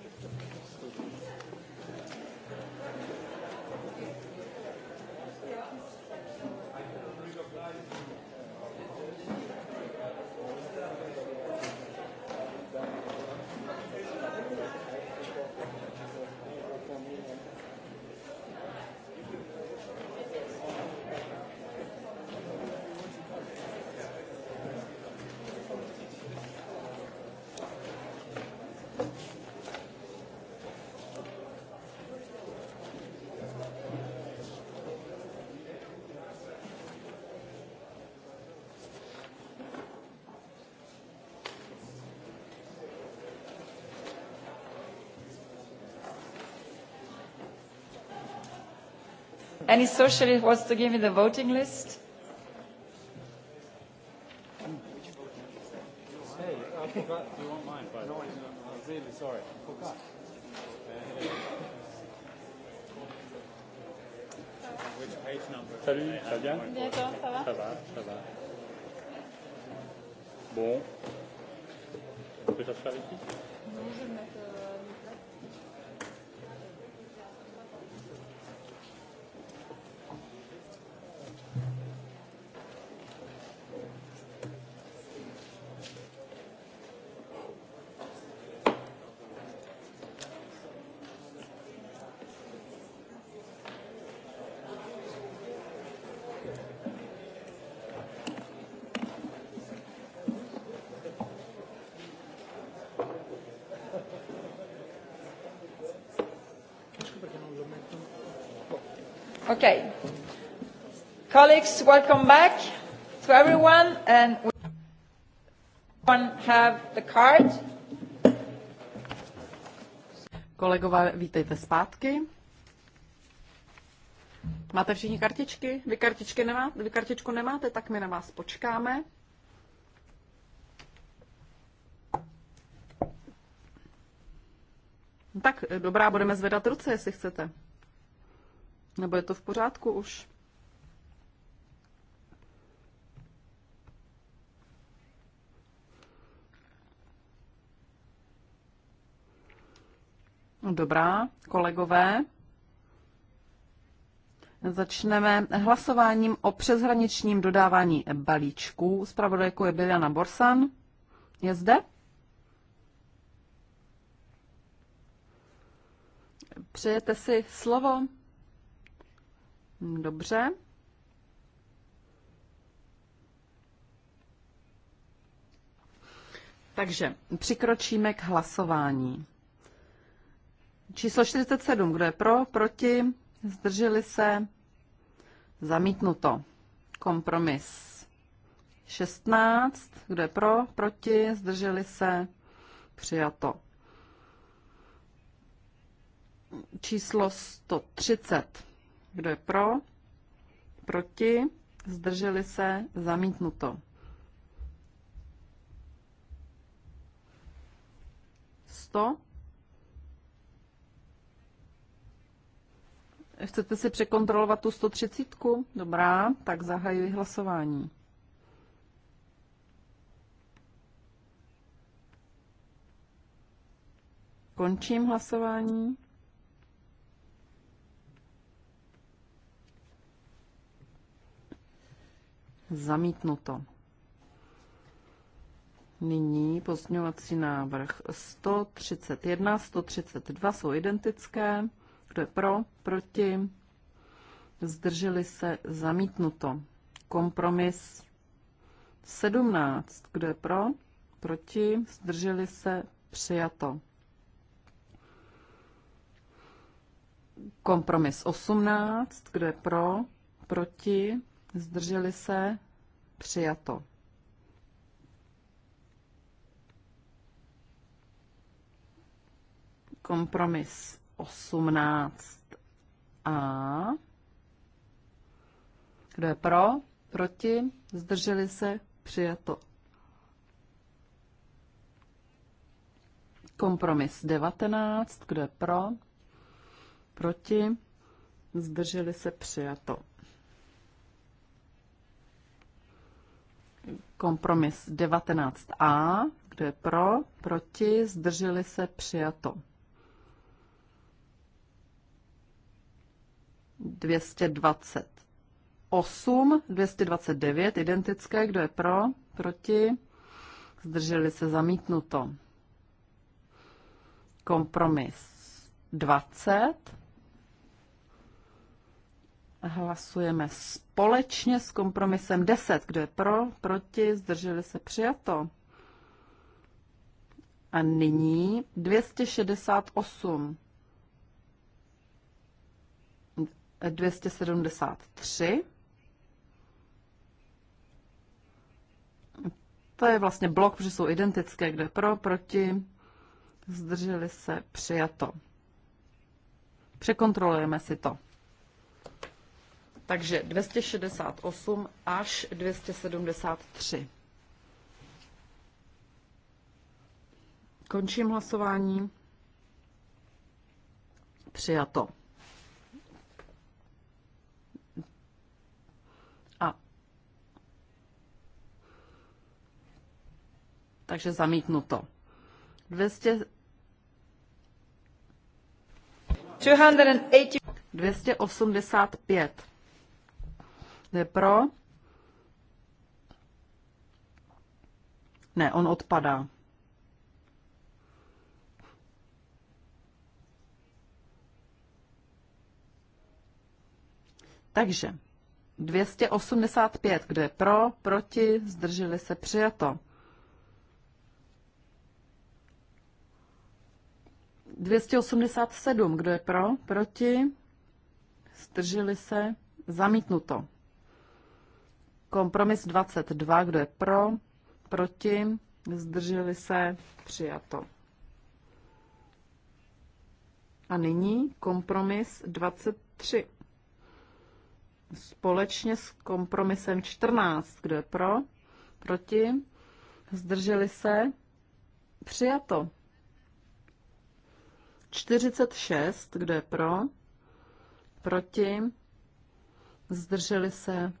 Any socialist wants to give me the voting list? Hey, I forgot. You won't mind, but no, I'm really sorry. I forgot. Salut, ça va bien ça va Ça va, ça va. Bon. On peut s'asseoir ici Non, je vais mettre... Euh... Colleagues, welcome back to everyone. And everyone have the card. Kolegové, vítejte zpátky. Máte všichni kartičky? Vy, kartičky nemá, vy kartičku nemáte, tak my na vás počkáme. Tak, dobrá, budeme zvedat ruce, jestli chcete. Nebo je to v pořádku už? No dobrá, kolegové. Začneme hlasováním o přeshraničním dodávání balíčků. Spravodajkou je Biljana Borsan. Je zde? Přejete si slovo? Dobře. Takže přikročíme k hlasování. Číslo 47. Kdo je pro, proti, zdrželi se, zamítnuto. Kompromis 16. Kdo je pro, proti, zdrželi se, přijato. Číslo 130. Kdo je pro? Proti? Zdrželi se? Zamítnuto. 100. Chcete si překontrolovat tu 130? Dobrá, tak zahajuji hlasování. Končím hlasování. Zamítnuto. Nyní pozměňovací návrh 131, 132 jsou identické. Kdo je pro, proti? Zdrželi se zamítnuto. Kompromis 17. Kdo je pro, proti? Zdrželi se přijato. Kompromis 18. Kdo je pro, proti? zdrželi se, přijato. Kompromis 18a. Kdo je pro? Proti? Zdrželi se? Přijato. Kompromis 19. Kdo je pro? Proti? Zdrželi se? Přijato. Kompromis 19a, kdo je pro, proti, zdrželi se, přijato. 228, 229, identické, kdo je pro, proti, zdrželi se, zamítnuto. Kompromis 20, Hlasujeme společně s kompromisem 10. Kdo je pro, proti, zdrželi se přijato. A nyní 268. 273. To je vlastně blok, protože jsou identické, kde pro, proti, zdrželi se, přijato. Překontrolujeme si to. Takže 268 až 273. Končím hlasování. Přijato. A takže zamítnuto. 200 285 je pro. Ne, on odpadá. Takže 285, kdo je pro, proti, zdrželi se, přijato. 287, kdo je pro, proti, zdrželi se, zamítnuto. Kompromis 22, kdo je pro, proti, zdrželi se, přijato. A nyní kompromis 23. Společně s kompromisem 14, kdo je pro, proti, zdrželi se, přijato. 46, kdo je pro, proti, zdrželi se,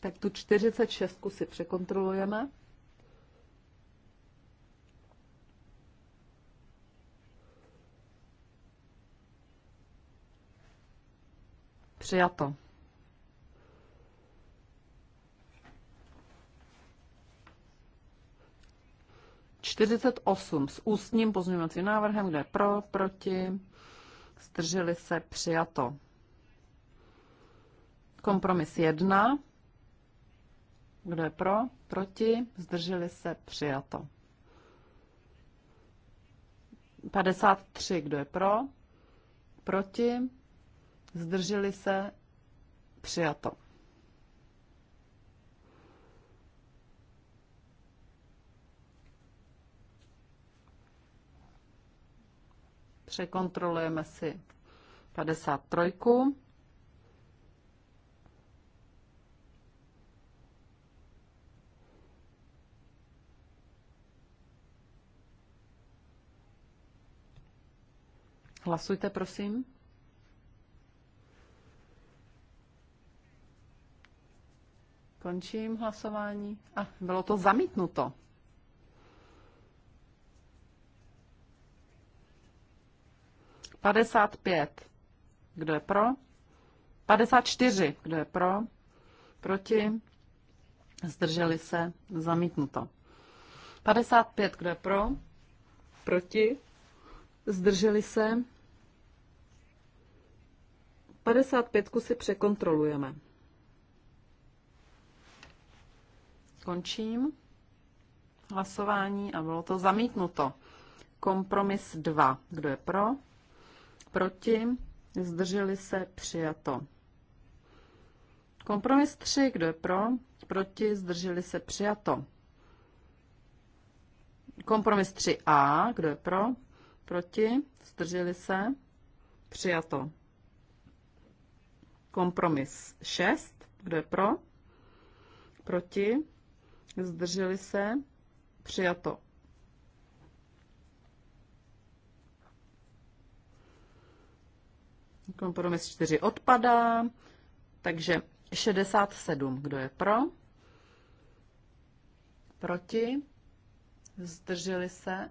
tak tu 46 si překontrolujeme. Přijato. Čtyřicet osm s ústním pozměňovacím návrhem, kde je pro, proti, zdrželi se, přijato. Kompromis jedna. Kdo je pro? Proti? Zdrželi se? Přijato. 53. Kdo je pro? Proti? Zdrželi se? Přijato. Překontrolujeme si 53. Hlasujte, prosím. Končím hlasování. A bylo to zamítnuto. Padesát pět. Kdo je pro? Padesát čtyři. Kdo je pro? Proti? Zdrželi se? Zamítnuto. Padesát pět. Kdo je pro? Proti? Zdrželi se? 55 si překontrolujeme. Končím hlasování a bylo to zamítnuto. Kompromis 2. Kdo je pro? Proti? Zdrželi se? Přijato. Kompromis 3. Kdo je pro? Proti? Zdrželi se? Přijato. Kompromis 3a. Kdo je pro? Proti? Zdrželi se? Přijato. Kompromis 6. Kdo je pro? Proti? Zdrželi se? Přijato. Kompromis 4 odpadá, takže 67. Kdo je pro? Proti? Zdrželi se?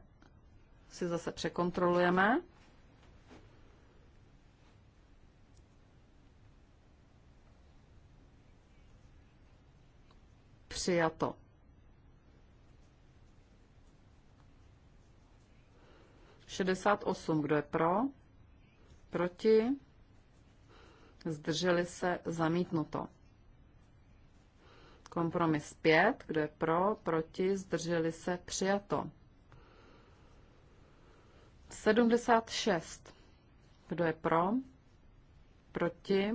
Si zase překontrolujeme. přijato. Šedesát osm, kdo je pro? Proti? Zdrželi se zamítnuto. Kompromis 5, kdo je pro, proti, zdrželi se, přijato. 76, kdo je pro, proti,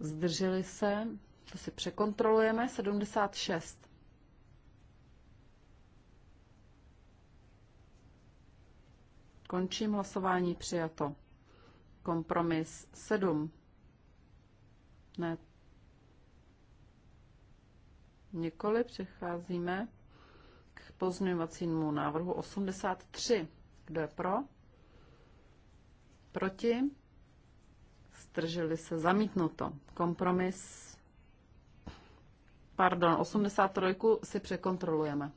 zdrželi se, to si překontrolujeme. 76. Končím hlasování přijato. Kompromis 7. Ne. Nikoli přecházíme k pozměňovacímu návrhu 83. Kdo je pro? Proti? Zdrželi se zamítnuto. Kompromis Pardon, 83 si překontrolujeme.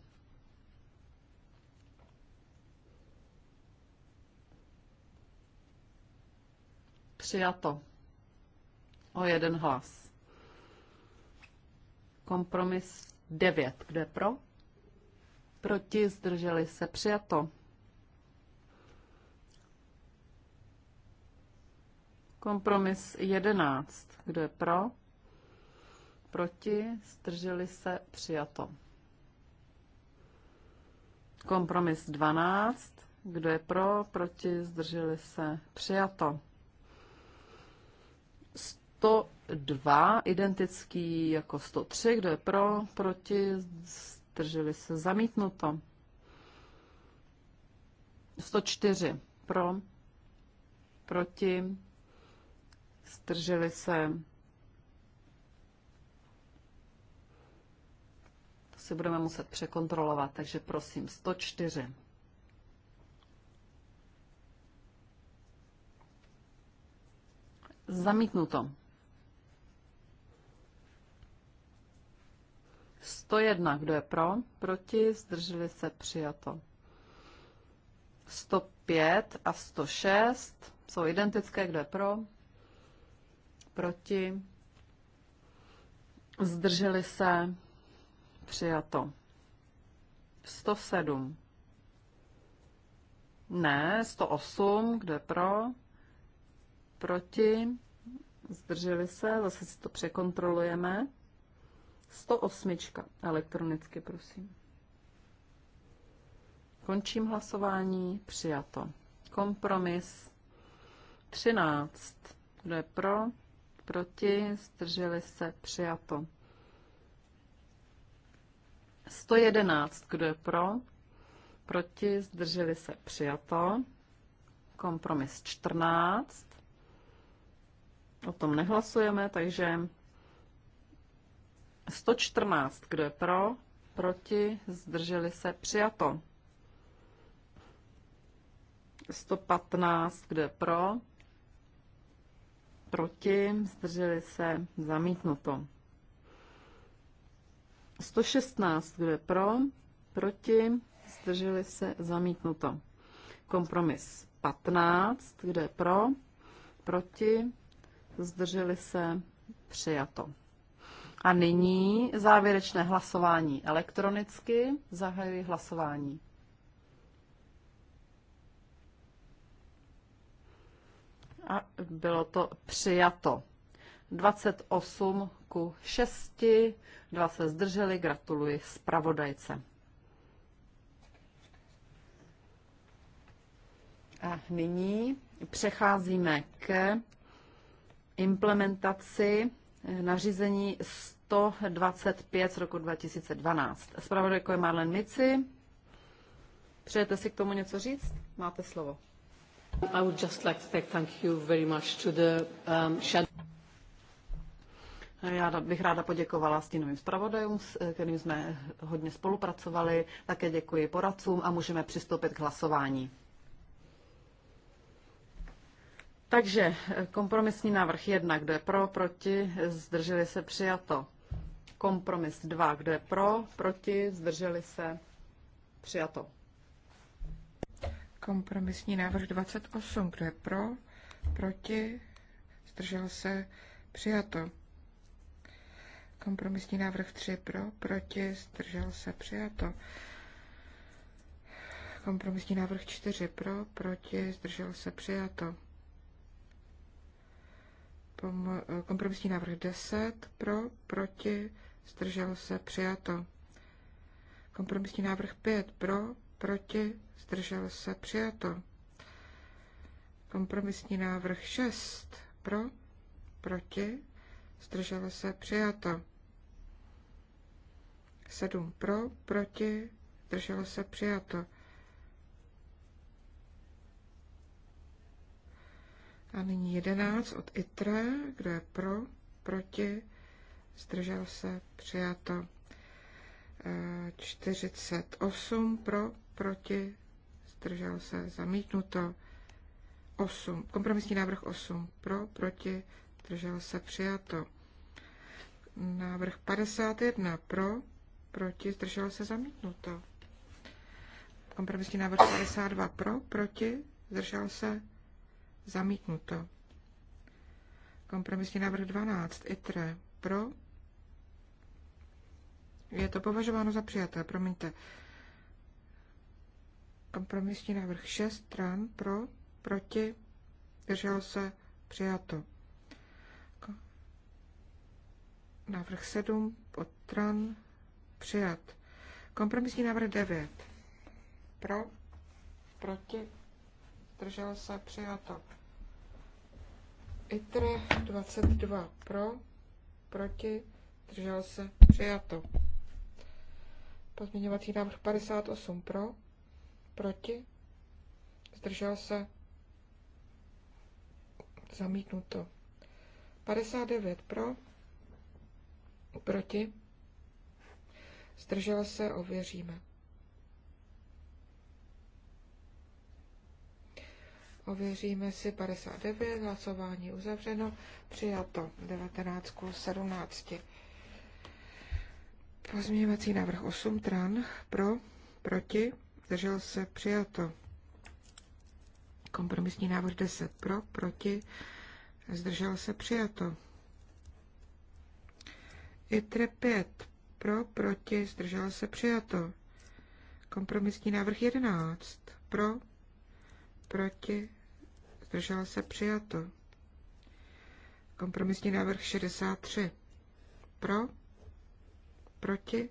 Přijato. O jeden hlas. Kompromis 9. Kde pro? Proti zdrželi se. Přijato. Kompromis 11. Kdo je pro? proti, zdrželi se, přijato. Kompromis 12, kdo je pro, proti, zdrželi se, přijato. 102, identický jako 103, kdo je pro, proti, zdrželi se, zamítnuto. 104, pro, proti, zdrželi se, si budeme muset překontrolovat, takže prosím 104. Zamítnuto. 101. Kdo je pro? Proti? Zdrželi se? Přijato. 105 a 106 jsou identické. Kdo je pro? Proti? Zdrželi se? Přijato. 107. Ne, 108, kde pro? Proti? Zdrželi se, zase si to překontrolujeme. 108 elektronicky, prosím. Končím hlasování, přijato. Kompromis 13. Kdo je pro? Proti? Zdrželi se, přijato. 111, kdo je pro? Proti, zdrželi se, přijato. Kompromis 14. O tom nehlasujeme, takže 114, kdo je pro? Proti, zdrželi se, přijato. 115, kdo je pro? Proti, zdrželi se, zamítnuto. 116, kdo je pro, proti, zdrželi se, zamítnuto. Kompromis 15, kdo je pro, proti, zdrželi se, přijato. A nyní závěrečné hlasování elektronicky. Zahajuji hlasování. A bylo to přijato. 28 výsledku 6, dva se zdrželi, gratuluji zpravodajce. A nyní přecházíme k implementaci nařízení 125 z roku 2012. Spravodajko je Marlen Mici. Přejete si k tomu něco říct? Máte slovo. I would just like to thank you very much to the um, shadow. Já bych ráda poděkovala stínovým zpravodajům, s kterým jsme hodně spolupracovali. Také děkuji poradcům a můžeme přistoupit k hlasování. Takže kompromisní návrh 1, kdo je pro, proti, zdrželi se, přijato. Kompromis 2, kdo je pro, proti, zdrželi se, přijato. Kompromisní návrh 28, kdo je pro, proti, zdržel se, přijato. Kompromisní návrh 3 pro, proti, zdržel se, přijato. Kompromisní návrh 4 pro, proti, zdržel se, přijato. Kompromisní návrh 10 pro, proti, zdržel se, přijato. Kompromisní návrh 5 pro, proti, zdržel se, přijato. Kompromisní návrh 6 pro, proti, zdržel se, přijato. 7 pro, proti, drželo se přijato. A nyní 11 od ITRE, kdo je pro, proti, zdržel se přijato. 48 e, pro, proti, zdržel se zamítnuto. 8, kompromisní návrh 8 pro, proti, zdržel se přijato. Návrh 51 pro, proti, zdrželo se zamítnuto. Kompromisní návrh 52 pro, proti, zdrželo se zamítnuto. Kompromisní návrh 12, ITRE, pro. Je to považováno za přijaté, promiňte. Kompromisní návrh 6, stran, pro, proti, zdrželo se přijato. Návrh 7, od tran, Přijat. Kompromisní návrh 9. Pro, proti, zdržel se, přijato. ITR 22 pro, proti, zdržel se, přijato. Pozměňovací návrh 58 pro, proti, zdržel se, zamítnuto. 59 pro, proti, Zdržel se, ověříme. Ověříme si 59, hlasování uzavřeno, přijato 19 17. Pozměňovací návrh 8, tran, pro, proti, zdržel se, přijato. Kompromisní návrh 10, pro, proti, zdržel se, přijato. ITRE 5, pro, proti, zdržel se, přijato. Kompromisní návrh 11. Pro, proti, zdržel se, přijato. Kompromisní návrh 63. Pro, proti,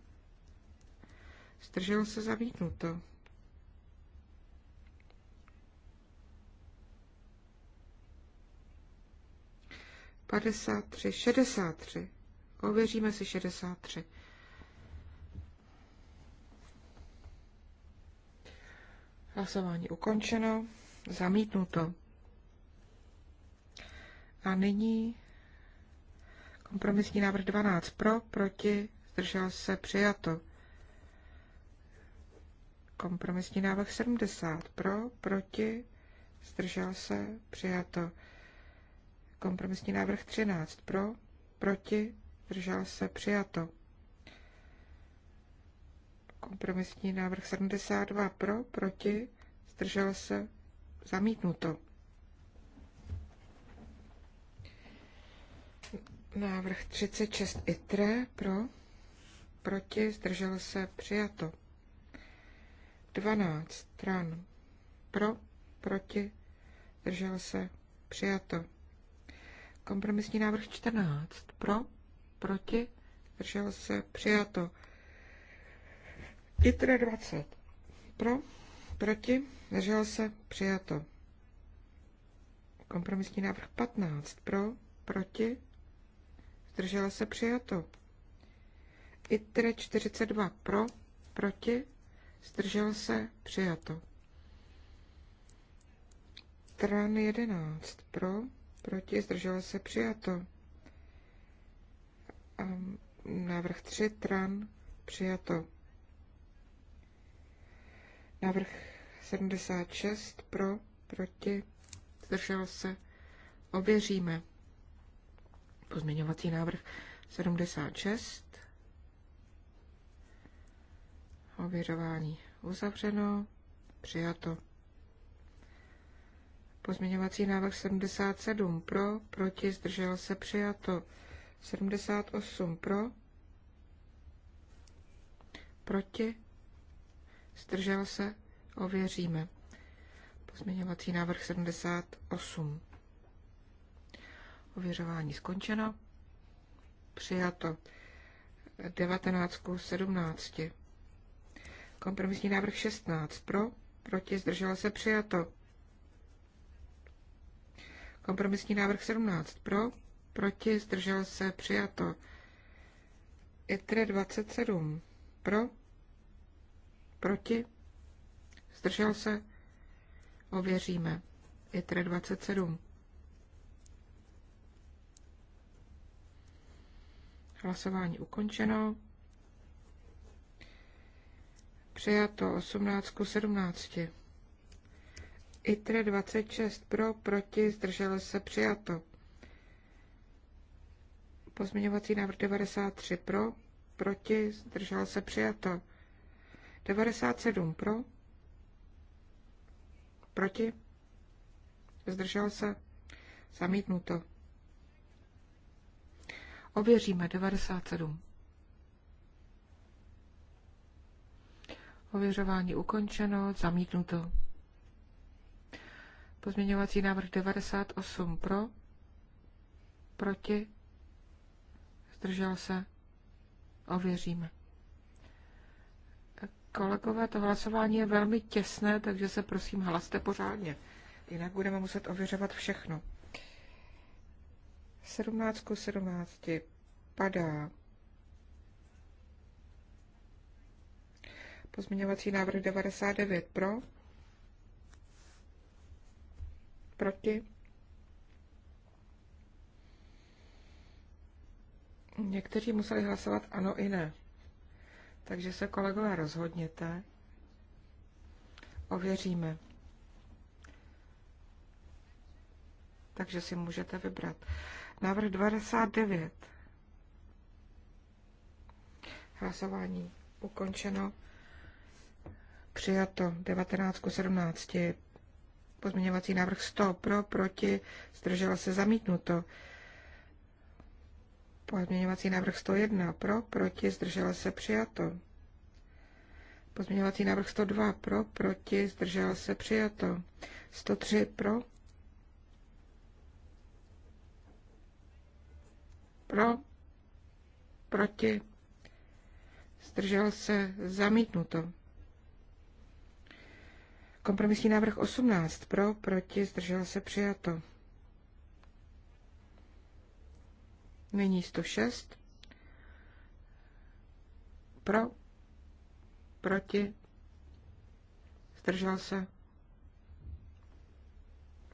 zdržel se, zamítnuto. Padesát tři, šedesát tři. Ověříme si šedesát tři Hlasování ukončeno. Zamítnuto. A nyní kompromisní návrh 12 pro, proti, zdržel se, přijato. Kompromisní návrh 70 pro, proti, zdržel se, přijato. Kompromisní návrh 13 pro, proti, zdržel se, přijato. Kompromisní návrh 72 pro, proti, zdržel se, zamítnuto. Návrh 36 ITRE pro, proti, zdrželo se, přijato. 12 stran pro, proti, zdrželo se, přijato. Kompromisní návrh 14 pro, proti, zdrželo se, přijato. ITRE 20. Pro, proti, zdržel se, přijato. Kompromisní návrh 15. Pro, proti, zdržel se, přijato. ITRE 42. Pro, proti, zdržel se, přijato. Tran 11. Pro, proti, zdržel se, přijato. Um, návrh 3. Tran, přijato. Návrh 76 pro, proti, zdržel se, ověříme. Pozměňovací návrh 76. Ověřování uzavřeno, přijato. Pozměňovací návrh 77 pro, proti, zdržel se, přijato. 78 pro, proti, zdržel se, ověříme. Pozměňovací návrh 78. Ověřování skončeno. Přijato 19 17. Kompromisní návrh 16. Pro, proti, zdržela se, přijato. Kompromisní návrh 17. Pro, proti, zdržel se, přijato. ITRE 27. Pro, Proti? Zdržel se? Ověříme. Je 27. Hlasování ukončeno. Přijato 18 ku 17. ITRE 26 pro, proti, zdrželo se, přijato. Pozměňovací návrh 93 pro, proti, zdrželo se, přijato. 97 pro, proti, zdržel se, zamítnuto. Ověříme 97. Ověřování ukončeno, zamítnuto. Pozměňovací návrh 98 pro, proti, zdržel se, ověříme. Kolegové, to hlasování je velmi těsné, takže se prosím hlaste pořádně. Jinak budeme muset ověřovat všechno. 17 ku 17 padá. Pozměňovací návrh 99 pro. Proti. Někteří museli hlasovat ano i ne. Takže se, kolegové, rozhodněte. Ověříme. Takže si můžete vybrat. Návrh 29. Hlasování ukončeno. Přijato 19 17. Pozměňovací návrh 100 pro, proti, zdrželo se zamítnuto. Pozměňovací návrh 101 pro, proti, zdržela se přijato. Pozměňovací návrh 102 pro, proti, zdržela se přijato. 103 pro, pro, proti, zdržel se zamítnuto. Kompromisní návrh 18 pro, proti, zdržel se přijato. Nyní 106. Pro. Proti. Zdržel se.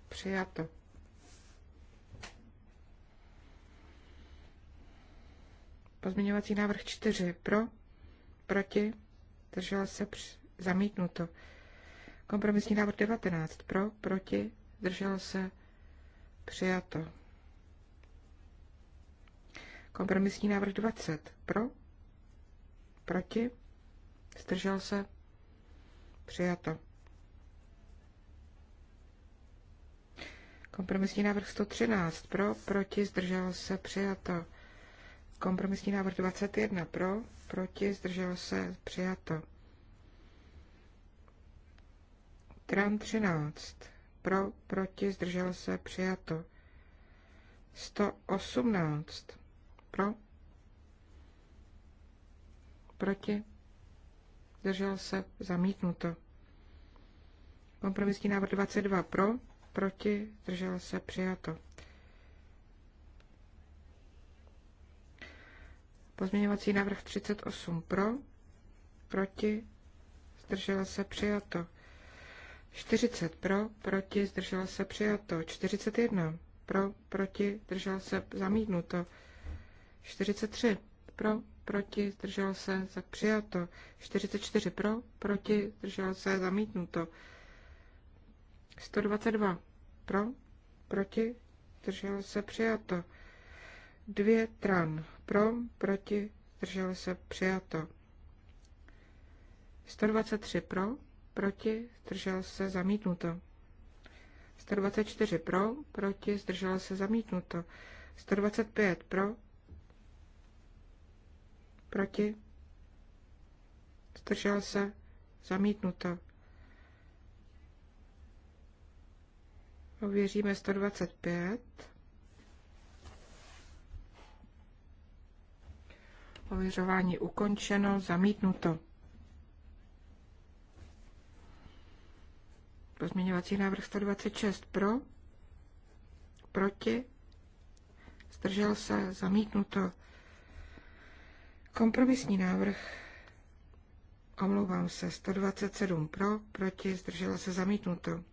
Přijato. Pozměňovací návrh 4. Pro. Proti. Zdržel se. Při, zamítnuto. Kompromisní návrh 19. Pro. Proti. Zdržel se. Přijato. Kompromisní návrh 20. Pro? Proti? Zdržel se? Přijato. Kompromisní návrh 113. Pro? Proti? Zdržel se? Přijato. Kompromisní návrh 21. Pro? Proti? Zdržel se? Přijato. Tran 13. Pro? Proti? Zdržel se? Přijato. 118 pro? Proti? Zdržel se? Zamítnuto. Kompromisní návrh 22 pro, proti, zdržel se, přijato. Pozměňovací návrh 38 pro, proti, zdržel se, přijato. 40 pro, proti, zdržel se, přijato. 41 pro, proti, zdržel se, zamítnuto. 43 pro, proti, zdrželo se, za přijato. 44 pro, proti, zdrželo se, zamítnuto. 122 pro, proti, zdrželo se, přijato. 2 tran pro, proti, zdrželo se, přijato. 123 pro, proti, zdrželo se, zamítnuto. 124 pro, proti, zdrželo se, zamítnuto. 125 pro, proti, zdržel se, zamítnuto. Ověříme 125. Ověřování ukončeno, zamítnuto. Pozměňovací návrh 126 pro, proti, zdržel se, zamítnuto. Kompromisní návrh, omlouvám se, 127 pro, proti, zdržela se zamítnuto.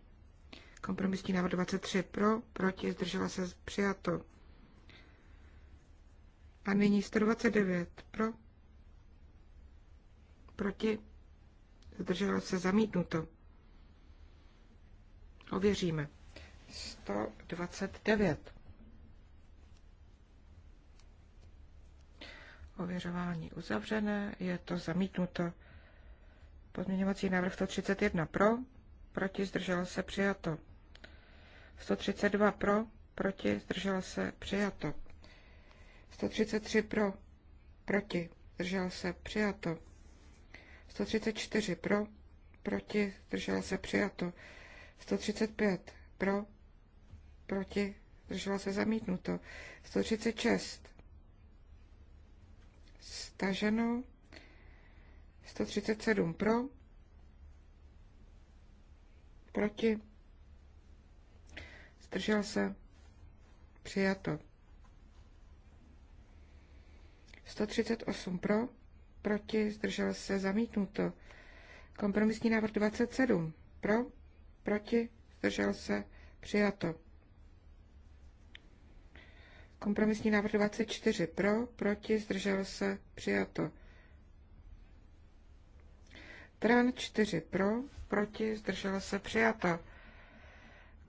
Kompromisní návrh 23 pro, proti, zdržela se přijato. A nyní 129 pro, proti, zdržela se zamítnuto. Ověříme. 129. Ověřování uzavřené, je to zamítnuto. Pozměňovací návrh 131 pro, proti zdrželo se přijato. 132 pro, proti zdrželo se přijato. 133 pro, proti zdrželo se přijato. 134 pro, proti zdrželo se přijato. 135 pro, proti zdrželo se zamítnuto. 136 staženo. 137 pro, proti, zdržel se, přijato. 138 pro, proti, zdržel se, zamítnuto. Kompromisní návrh 27 pro, proti, zdržel se, přijato. Kompromisní návrh 24 pro, proti, zdržel se, přijato. Tran 4 pro, proti, zdržel se, přijato.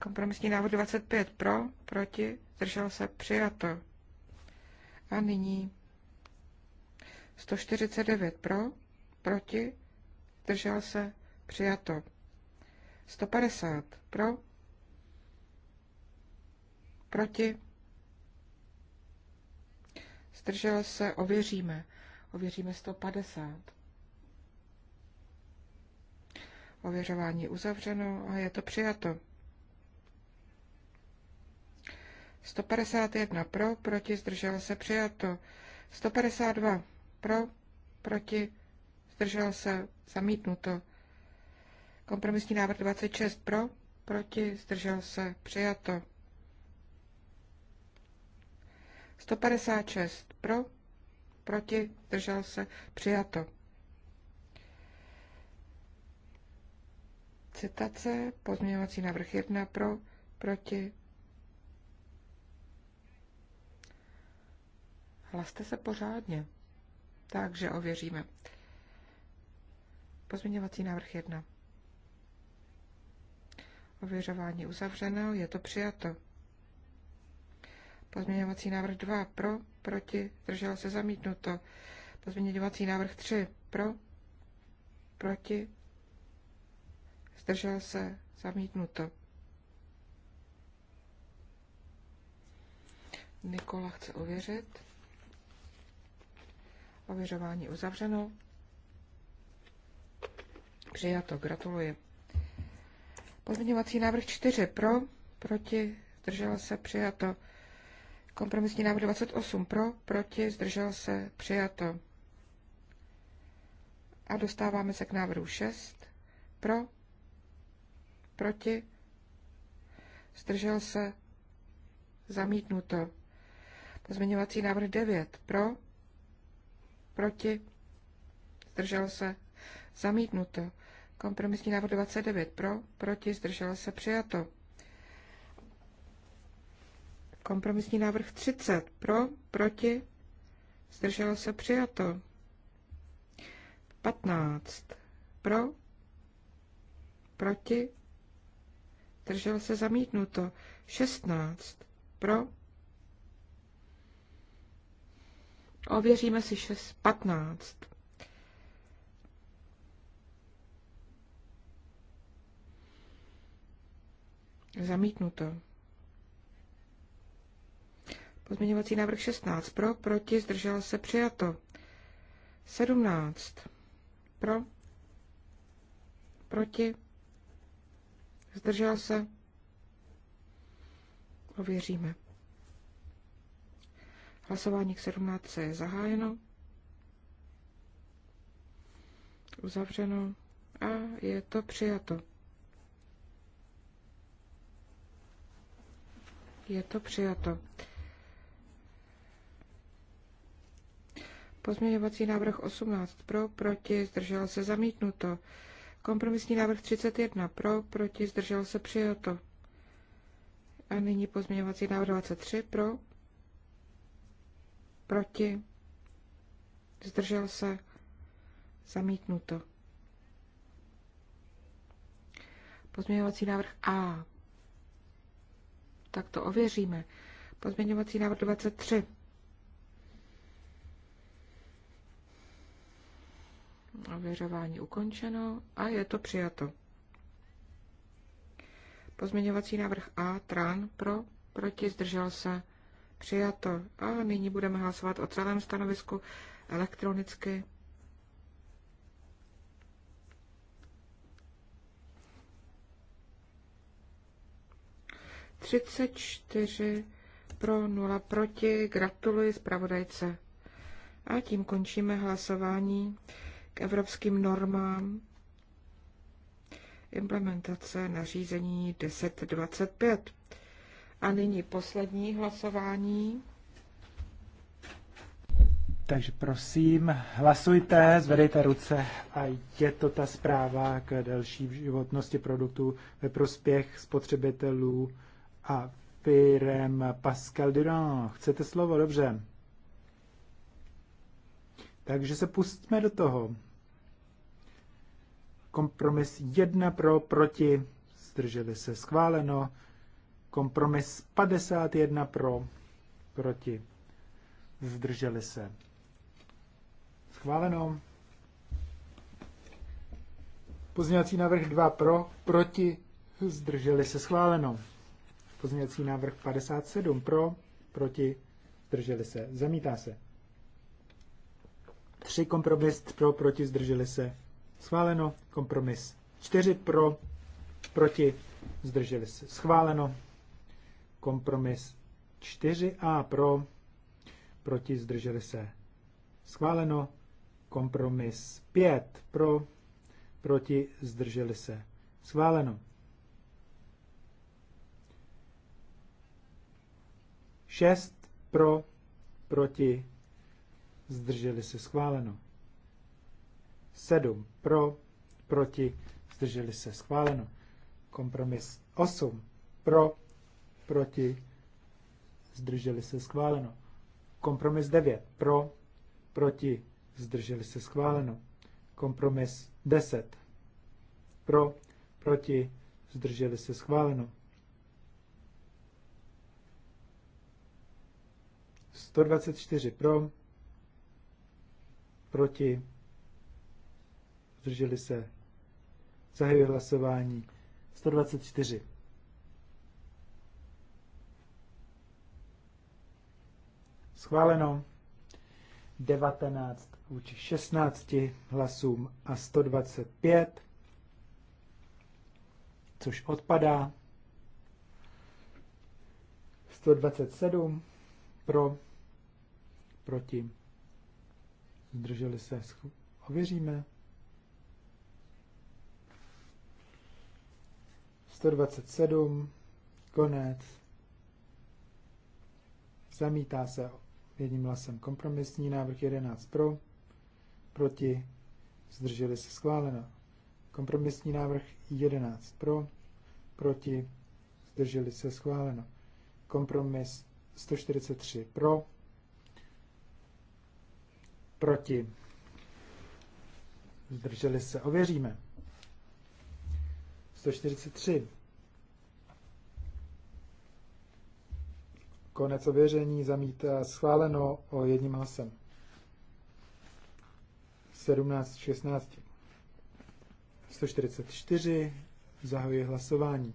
Kompromisní návrh 25 pro, proti, zdržel se, přijato. A nyní 149 pro, proti, zdržel se, přijato. 150 pro, proti, Zdržel se, ověříme. Ověříme 150. Ověřování uzavřeno a je to přijato. 151 pro, proti, zdržel se, přijato. 152 pro, proti, zdržel se, zamítnuto. Kompromisní návrh 26 pro, proti, zdržel se, přijato. 156 pro, proti, držel se, přijato. Citace, pozměňovací návrh 1 pro, proti. Hlaste se pořádně. Takže ověříme. Pozměňovací návrh 1. Ověřování uzavřeno, je to přijato. Pozměňovací návrh 2 pro, proti, zdržel se zamítnuto. Pozměňovací návrh 3 pro, proti, zdržel se zamítnuto. Nikola chce ověřit. Ověřování uzavřeno. Přijato, gratuluji. Pozměňovací návrh 4 pro, proti, zdržel se přijato. Kompromisní návrh 28 pro, proti, zdržel se, přijato. A dostáváme se k návrhu 6. Pro, proti, zdržel se, zamítnuto. Pozměňovací návrh 9. Pro, proti, zdržel se, zamítnuto. Kompromisní návrh 29. Pro, proti, zdržel se, přijato. Kompromisní návrh 30. Pro, proti, zdrželo se přijato. 15. Pro, proti, zdrželo se zamítnuto. 16. Pro, ověříme si 6, 15. Zamítnuto. Pozměňovací návrh 16. Pro, proti, zdržel se, přijato. 17. Pro, proti, zdržel se. Ověříme. Hlasování k 17 je zahájeno, uzavřeno a je to přijato. Je to přijato. Pozměňovací návrh 18 pro, proti, zdržel se zamítnuto. Kompromisní návrh 31 pro, proti, zdržel se přijato. A nyní pozměňovací návrh 23 pro, proti, zdržel se zamítnuto. Pozměňovací návrh A. Tak to ověříme. Pozměňovací návrh 23. Ověřování ukončeno a je to přijato. Pozměňovací návrh A, Tran, pro, proti, zdržel se, přijato. A nyní budeme hlasovat o celém stanovisku elektronicky. Třicet čtyři pro, nula proti. Gratuluji zpravodajce. A tím končíme hlasování k evropským normám implementace nařízení 1025. A nyní poslední hlasování. Takže prosím, hlasujte, zvedejte ruce a je to ta zpráva k další životnosti produktů ve prospěch spotřebitelů a firm Pascal Durand. Chcete slovo? Dobře. Takže se pustíme do toho. Kompromis 1 pro, proti, zdrželi se schváleno. Kompromis 51 pro, proti, zdrželi se schváleno. Pozměňovací návrh 2 pro, proti, zdrželi se schváleno. Pozměňovací návrh 57 pro, proti, zdrželi se, zamítá se. 3 kompromis pro, proti, zdrželi se, Schváleno. Kompromis 4 pro, proti, zdrželi se. Schváleno. Kompromis 4a pro, proti, zdrželi se. Schváleno. Kompromis 5 pro, proti, zdrželi se. Schváleno. 6 pro, proti, zdrželi se. Schváleno. 7 pro, proti, zdrželi se schváleno. Kompromis 8 pro, proti, zdrželi se schváleno. Kompromis 9 pro, proti, zdrželi se schváleno. Kompromis 10 pro, proti, zdrželi se schváleno. 124 pro, proti, zdrželi se, zahajuje hlasování 124. Schváleno 19 vůči 16 hlasům a 125, což odpadá 127 pro, proti, zdrželi se, ověříme. 127, konec, zamítá se jedním hlasem kompromisní návrh 11 pro, proti, zdrželi se schváleno. Kompromisní návrh 11 pro, proti, zdrželi se schváleno. Kompromis 143 pro, proti, zdrželi se, ověříme. 143. Konec ověření zamítá schváleno o jedním hlasem. 17, 16. 144. Zahajuje hlasování.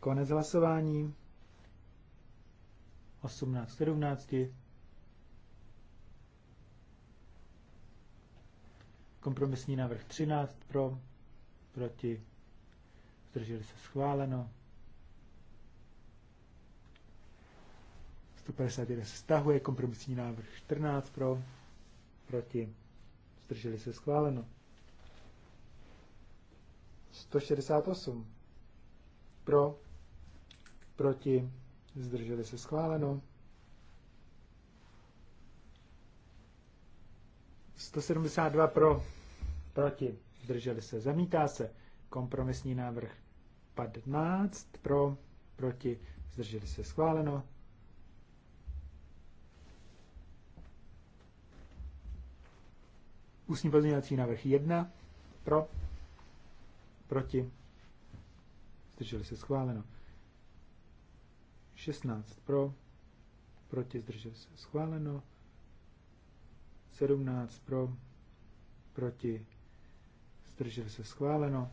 Konec hlasování. 18, 17. Kompromisní návrh 13 pro, proti, zdrželi se schváleno. 151 se stahuje, kompromisní návrh 14 pro, proti, zdrželi se schváleno. 168 pro, proti, zdrželi se schváleno. 172 pro, proti, zdrželi se, zamítá se. Kompromisní návrh 15 pro, proti, zdrželi se, schváleno. Ústní pozměňovací návrh 1 pro, proti, zdrželi se, schváleno. 16 pro, proti, zdrželi se, schváleno. 17 pro, proti, zdrželi se schváleno.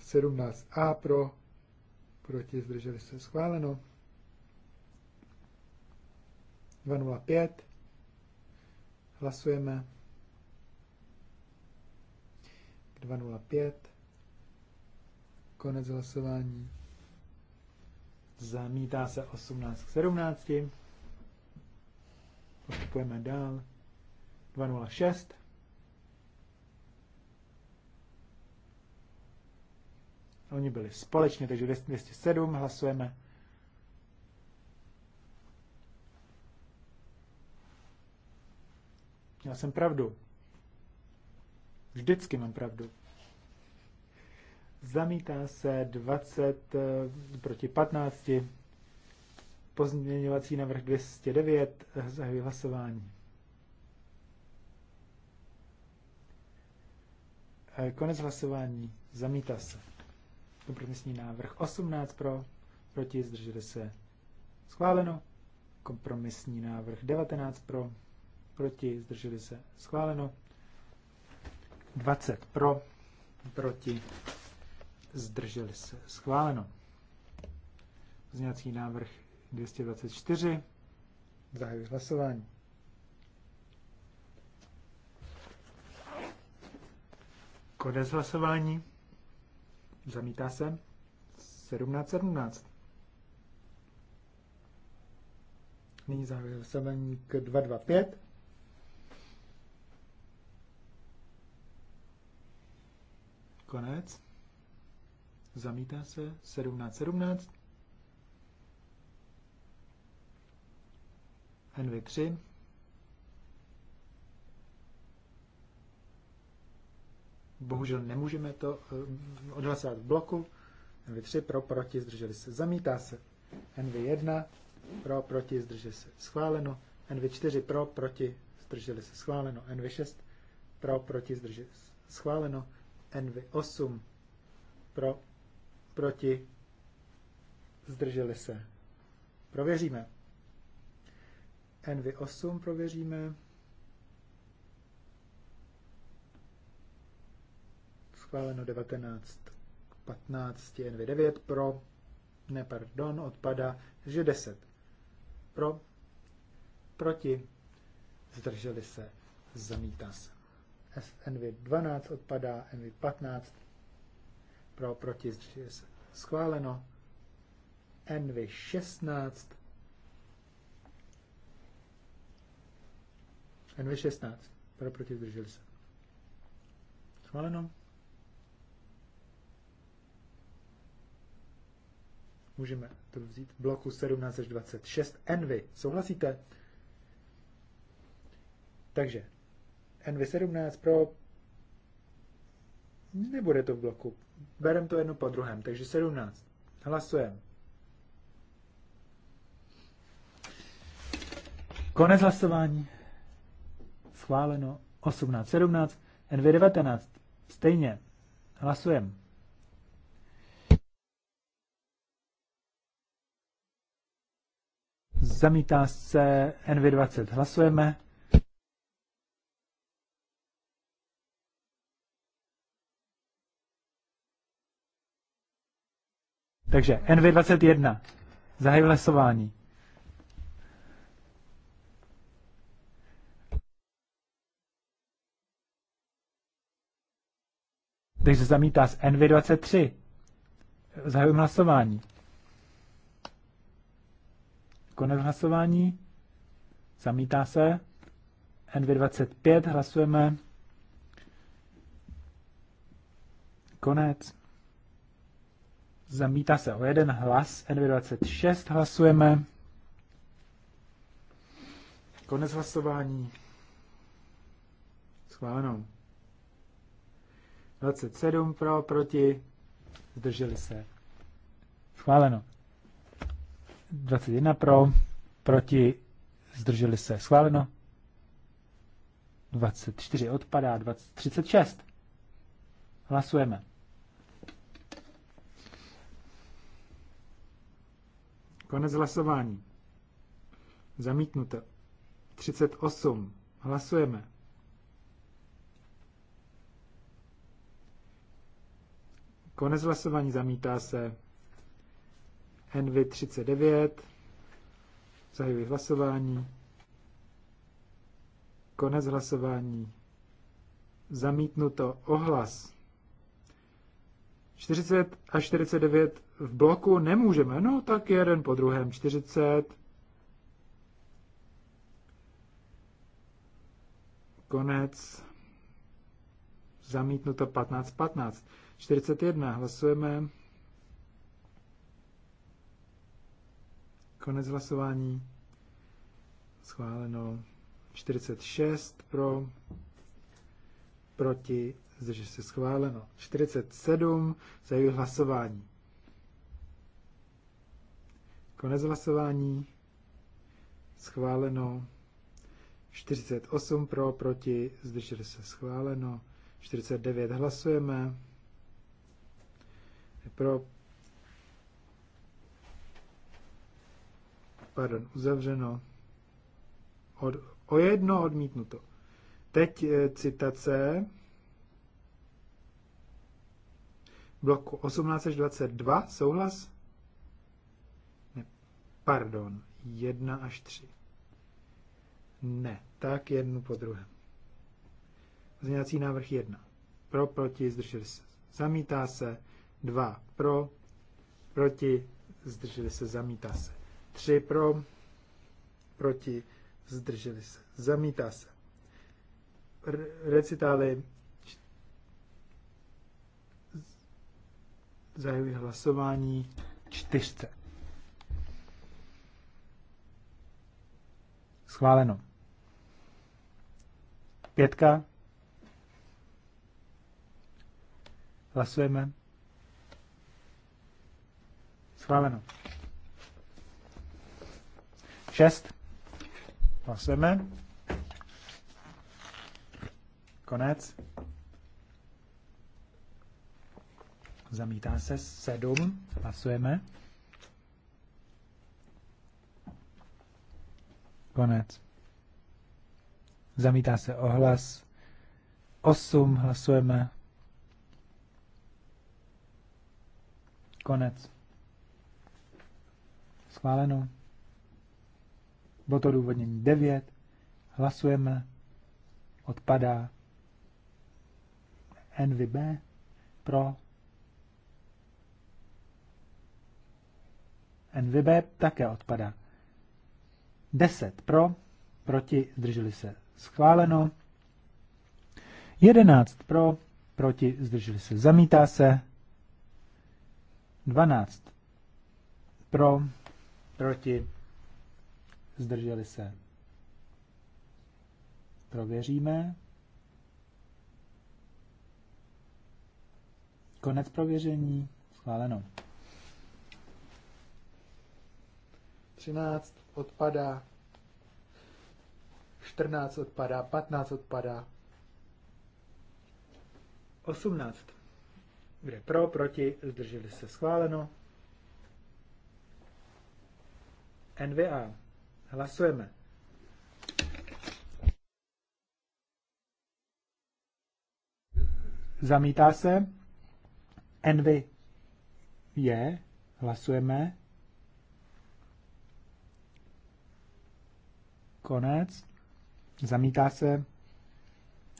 17a pro, proti, zdrželi se schváleno. 205. Hlasujeme. 205. Konec hlasování. Zamítá se 18 k 17. Postupujeme dál. 206. Oni byli společně, takže 207 hlasujeme. Já jsem pravdu. Vždycky mám pravdu. Zamítá se 20 eh, proti 15. Pozměňovací návrh 209. Zahajuji hlasování. Eh, konec hlasování. Zamítá se. Kompromisní návrh 18 pro, proti, zdrželi se. Schváleno. Kompromisní návrh 19 pro, proti, zdrželi se. Schváleno. 20 pro, proti, zdrželi se. Schváleno. Pozměňovací návrh 224. Zahajuji hlasování. Konec hlasování. Zamítá se. 17, 17. Nyní závěr hlasování k 225. Konec. Zamítá se. 17, 17. NV3. Bohužel nemůžeme to eh, odhlasovat v bloku. NV3 pro, proti, zdrželi se, zamítá se. NV1 pro, proti, zdrželi se, schváleno. NV4 pro, proti, zdrželi se, schváleno. NV6 pro, proti, zdrželi se, schváleno. NV8 pro, proti, zdrželi se. Prověříme. NV8 prověříme. schváleno 19 k 15, NV9 pro, ne, pardon, odpada, že 10 pro, proti, zdrželi se, zamítá se. NV12 odpadá, NV15 pro, proti, zdrželi se, schváleno, NV16 NV16 pro, proti, zdrželi se. Schváleno. Můžeme to vzít v bloku 17 až 26. Envy, souhlasíte? Takže Envy 17 pro nebude to v bloku. Berem to jedno po druhém, takže 17. Hlasujeme. Konec hlasování. Schváleno 18, 17, NV 19. Stejně. Hlasujeme. zamítá se NV20. Hlasujeme. Takže NV21. Zahaj hlasování. Takže zamítá z NV23. Zahajím hlasování. Konec hlasování. Zamítá se. N225 hlasujeme. Konec. Zamítá se o jeden hlas. n 26 hlasujeme. Konec hlasování. Schváleno. 27 pro, proti. Zdrželi se. Schváleno. 21 pro, proti, zdrželi se, schváleno. 24 odpadá, 20, 36. Hlasujeme. Konec hlasování. Zamítnuto. 38. Hlasujeme. Konec hlasování zamítá se. Envy 39. Zahajuji hlasování. Konec hlasování. Zamítnuto ohlas. 40 a 49 v bloku nemůžeme, no tak jeden po druhém. 40. Konec. Zamítnuto 15, 15. 41. Hlasujeme. Konec hlasování. Schváleno 46 pro, proti, zdržel se schváleno. 47 zahajuji hlasování. Konec hlasování. Schváleno. 48 pro, proti, zdrželi se schváleno. 49 hlasujeme. Pro, pardon, uzavřeno, od, o jedno odmítnuto. Teď eh, citace bloku 18 až 22, souhlas? Ne, pardon, 1 až 3. Ne, tak jednu po druhém. Pozměňovací návrh 1. Pro, proti, zdrželi se. Zamítá se. 2. Pro, proti, zdrželi se, zamítá se. 3 pro, proti, zdrželi se, zamítá se. recitály zahajuji hlasování čtyřce. Schváleno. Pětka. Hlasujeme. Schváleno. 6. Hlasujeme. Konec. Zamítá se 7. Hlasujeme. Konec. Zamítá se ohlas. 8. Hlasujeme. Konec. Schváleno. Bylo to důvodnění 9. Hlasujeme. Odpadá. NVB pro NVB také odpadá. 10 pro, proti, zdrželi se schváleno. 11 pro, proti, zdrželi se zamítá se. 12 pro, proti, zdrželi se. Prověříme. Konec prověření. Schváleno. 13 odpadá. 14 odpadá. 15 odpadá. 18. Kde pro, proti, zdrželi se schváleno. NVA Hlasujeme. Zamítá se. Envy je. Hlasujeme. Konec. Zamítá se.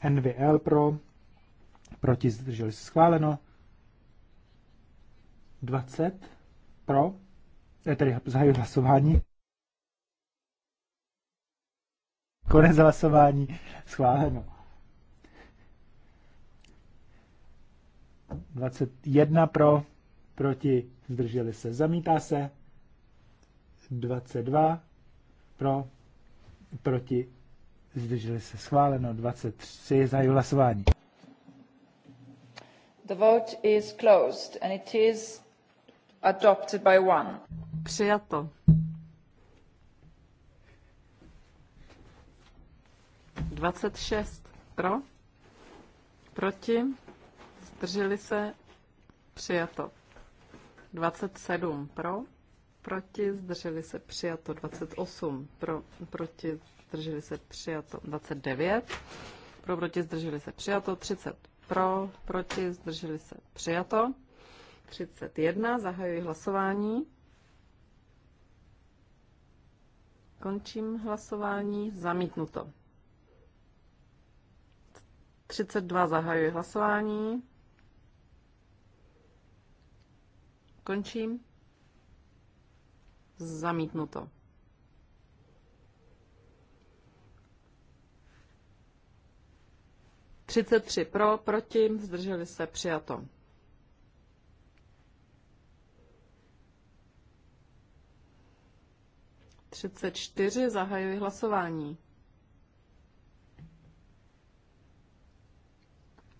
NVL pro. Proti zdrželi se schváleno. 20 pro. Je eh, tedy zahajuji hlasování. Konec hlasování. Schváleno. 21 pro, proti, zdrželi se, zamítá se. 22 pro, proti, zdrželi se, schváleno. 23 za hlasování. The vote is closed and it is adopted by one. Přijato. 26 pro, proti, zdrželi se, přijato. 27 pro, proti, zdrželi se, přijato. 28 pro, proti, zdrželi se, přijato. 29 pro, proti, zdrželi se, přijato. 30 pro, proti, zdrželi se, přijato. 31, zahajuji hlasování. Končím hlasování, zamítnuto. 32 zahajuji hlasování. Končím. Zamítnuto. Třicet tři pro, proti, zdrželi se, přijato. Třicet čtyři, zahajuji hlasování.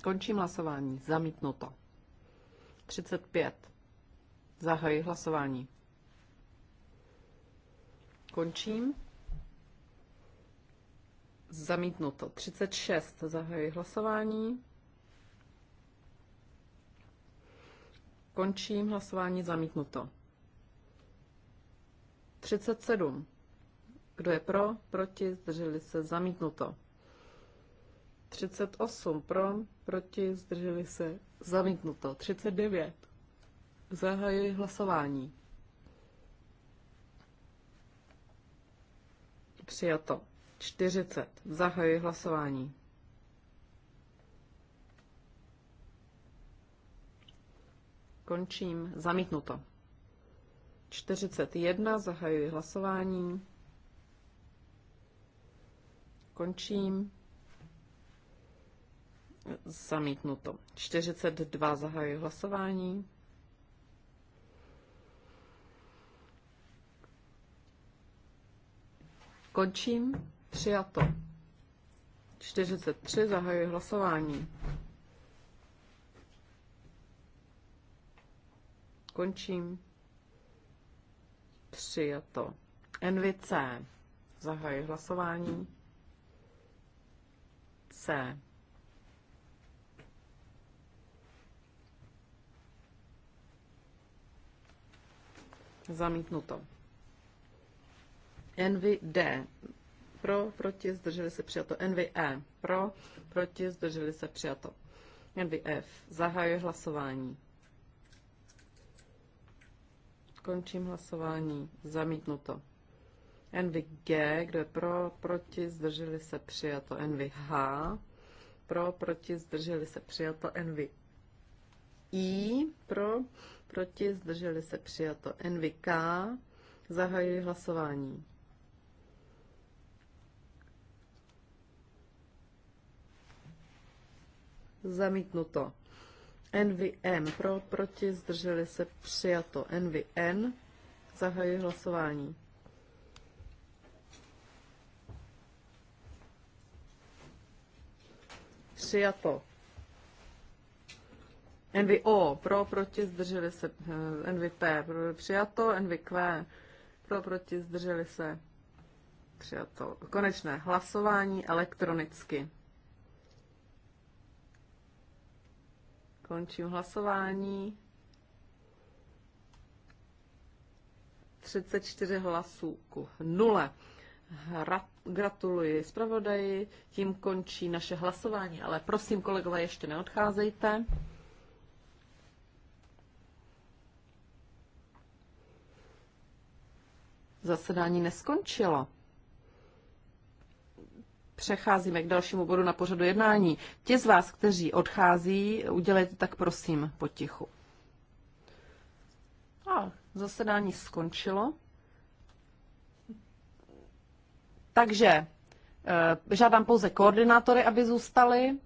Končím hlasování. Zamítnuto. 35. Zahajuji hlasování. Končím. Zamítnuto. 36. Zahajuji hlasování. Končím hlasování. Zamítnuto. 37. Kdo je pro? Proti? Zdrželi se? Zamítnuto. 38 pro, proti, zdrželi se, zamítnuto. 39. Zahajuji hlasování. Přijato. 40. Zahajuji hlasování. Končím. Zamítnuto. 41. Zahajuji hlasování. Končím. Zamítnuto. 42 zahajuji hlasování. Končím. Přijato. 43 zahajuji hlasování. Končím. Přijato. NVC. Zahajuji hlasování. C. Zamítnuto. Envy D. Pro, proti, zdrželi se přijato. Envy E. Pro, proti, zdrželi se přijato. Envy F. Zahajuje hlasování. Končím hlasování. Zamítnuto. NVG, kdo je pro, proti, zdrželi se přijato. NVH, pro, proti, zdrželi se přijato. NVI, pro, proti, zdrželi se přijato. NVK, zahajuji hlasování. Zamítnuto. NVM pro, proti, zdrželi se přijato. NVN, zahajuji hlasování. Přijato. NVO pro, proti, zdrželi se. Eh, NVP pro, přijato, NVQ pro, proti, zdrželi se. Přijato. Konečné hlasování elektronicky. Končím hlasování. 34 hlasů ku 0. Gratuluji zpravodaji, tím končí naše hlasování, ale prosím kolegové, ještě neodcházejte. zasedání neskončilo. Přecházíme k dalšímu bodu na pořadu jednání. Ti z vás, kteří odchází, udělejte tak prosím potichu. A zasedání skončilo. Takže eh, žádám pouze koordinátory, aby zůstali.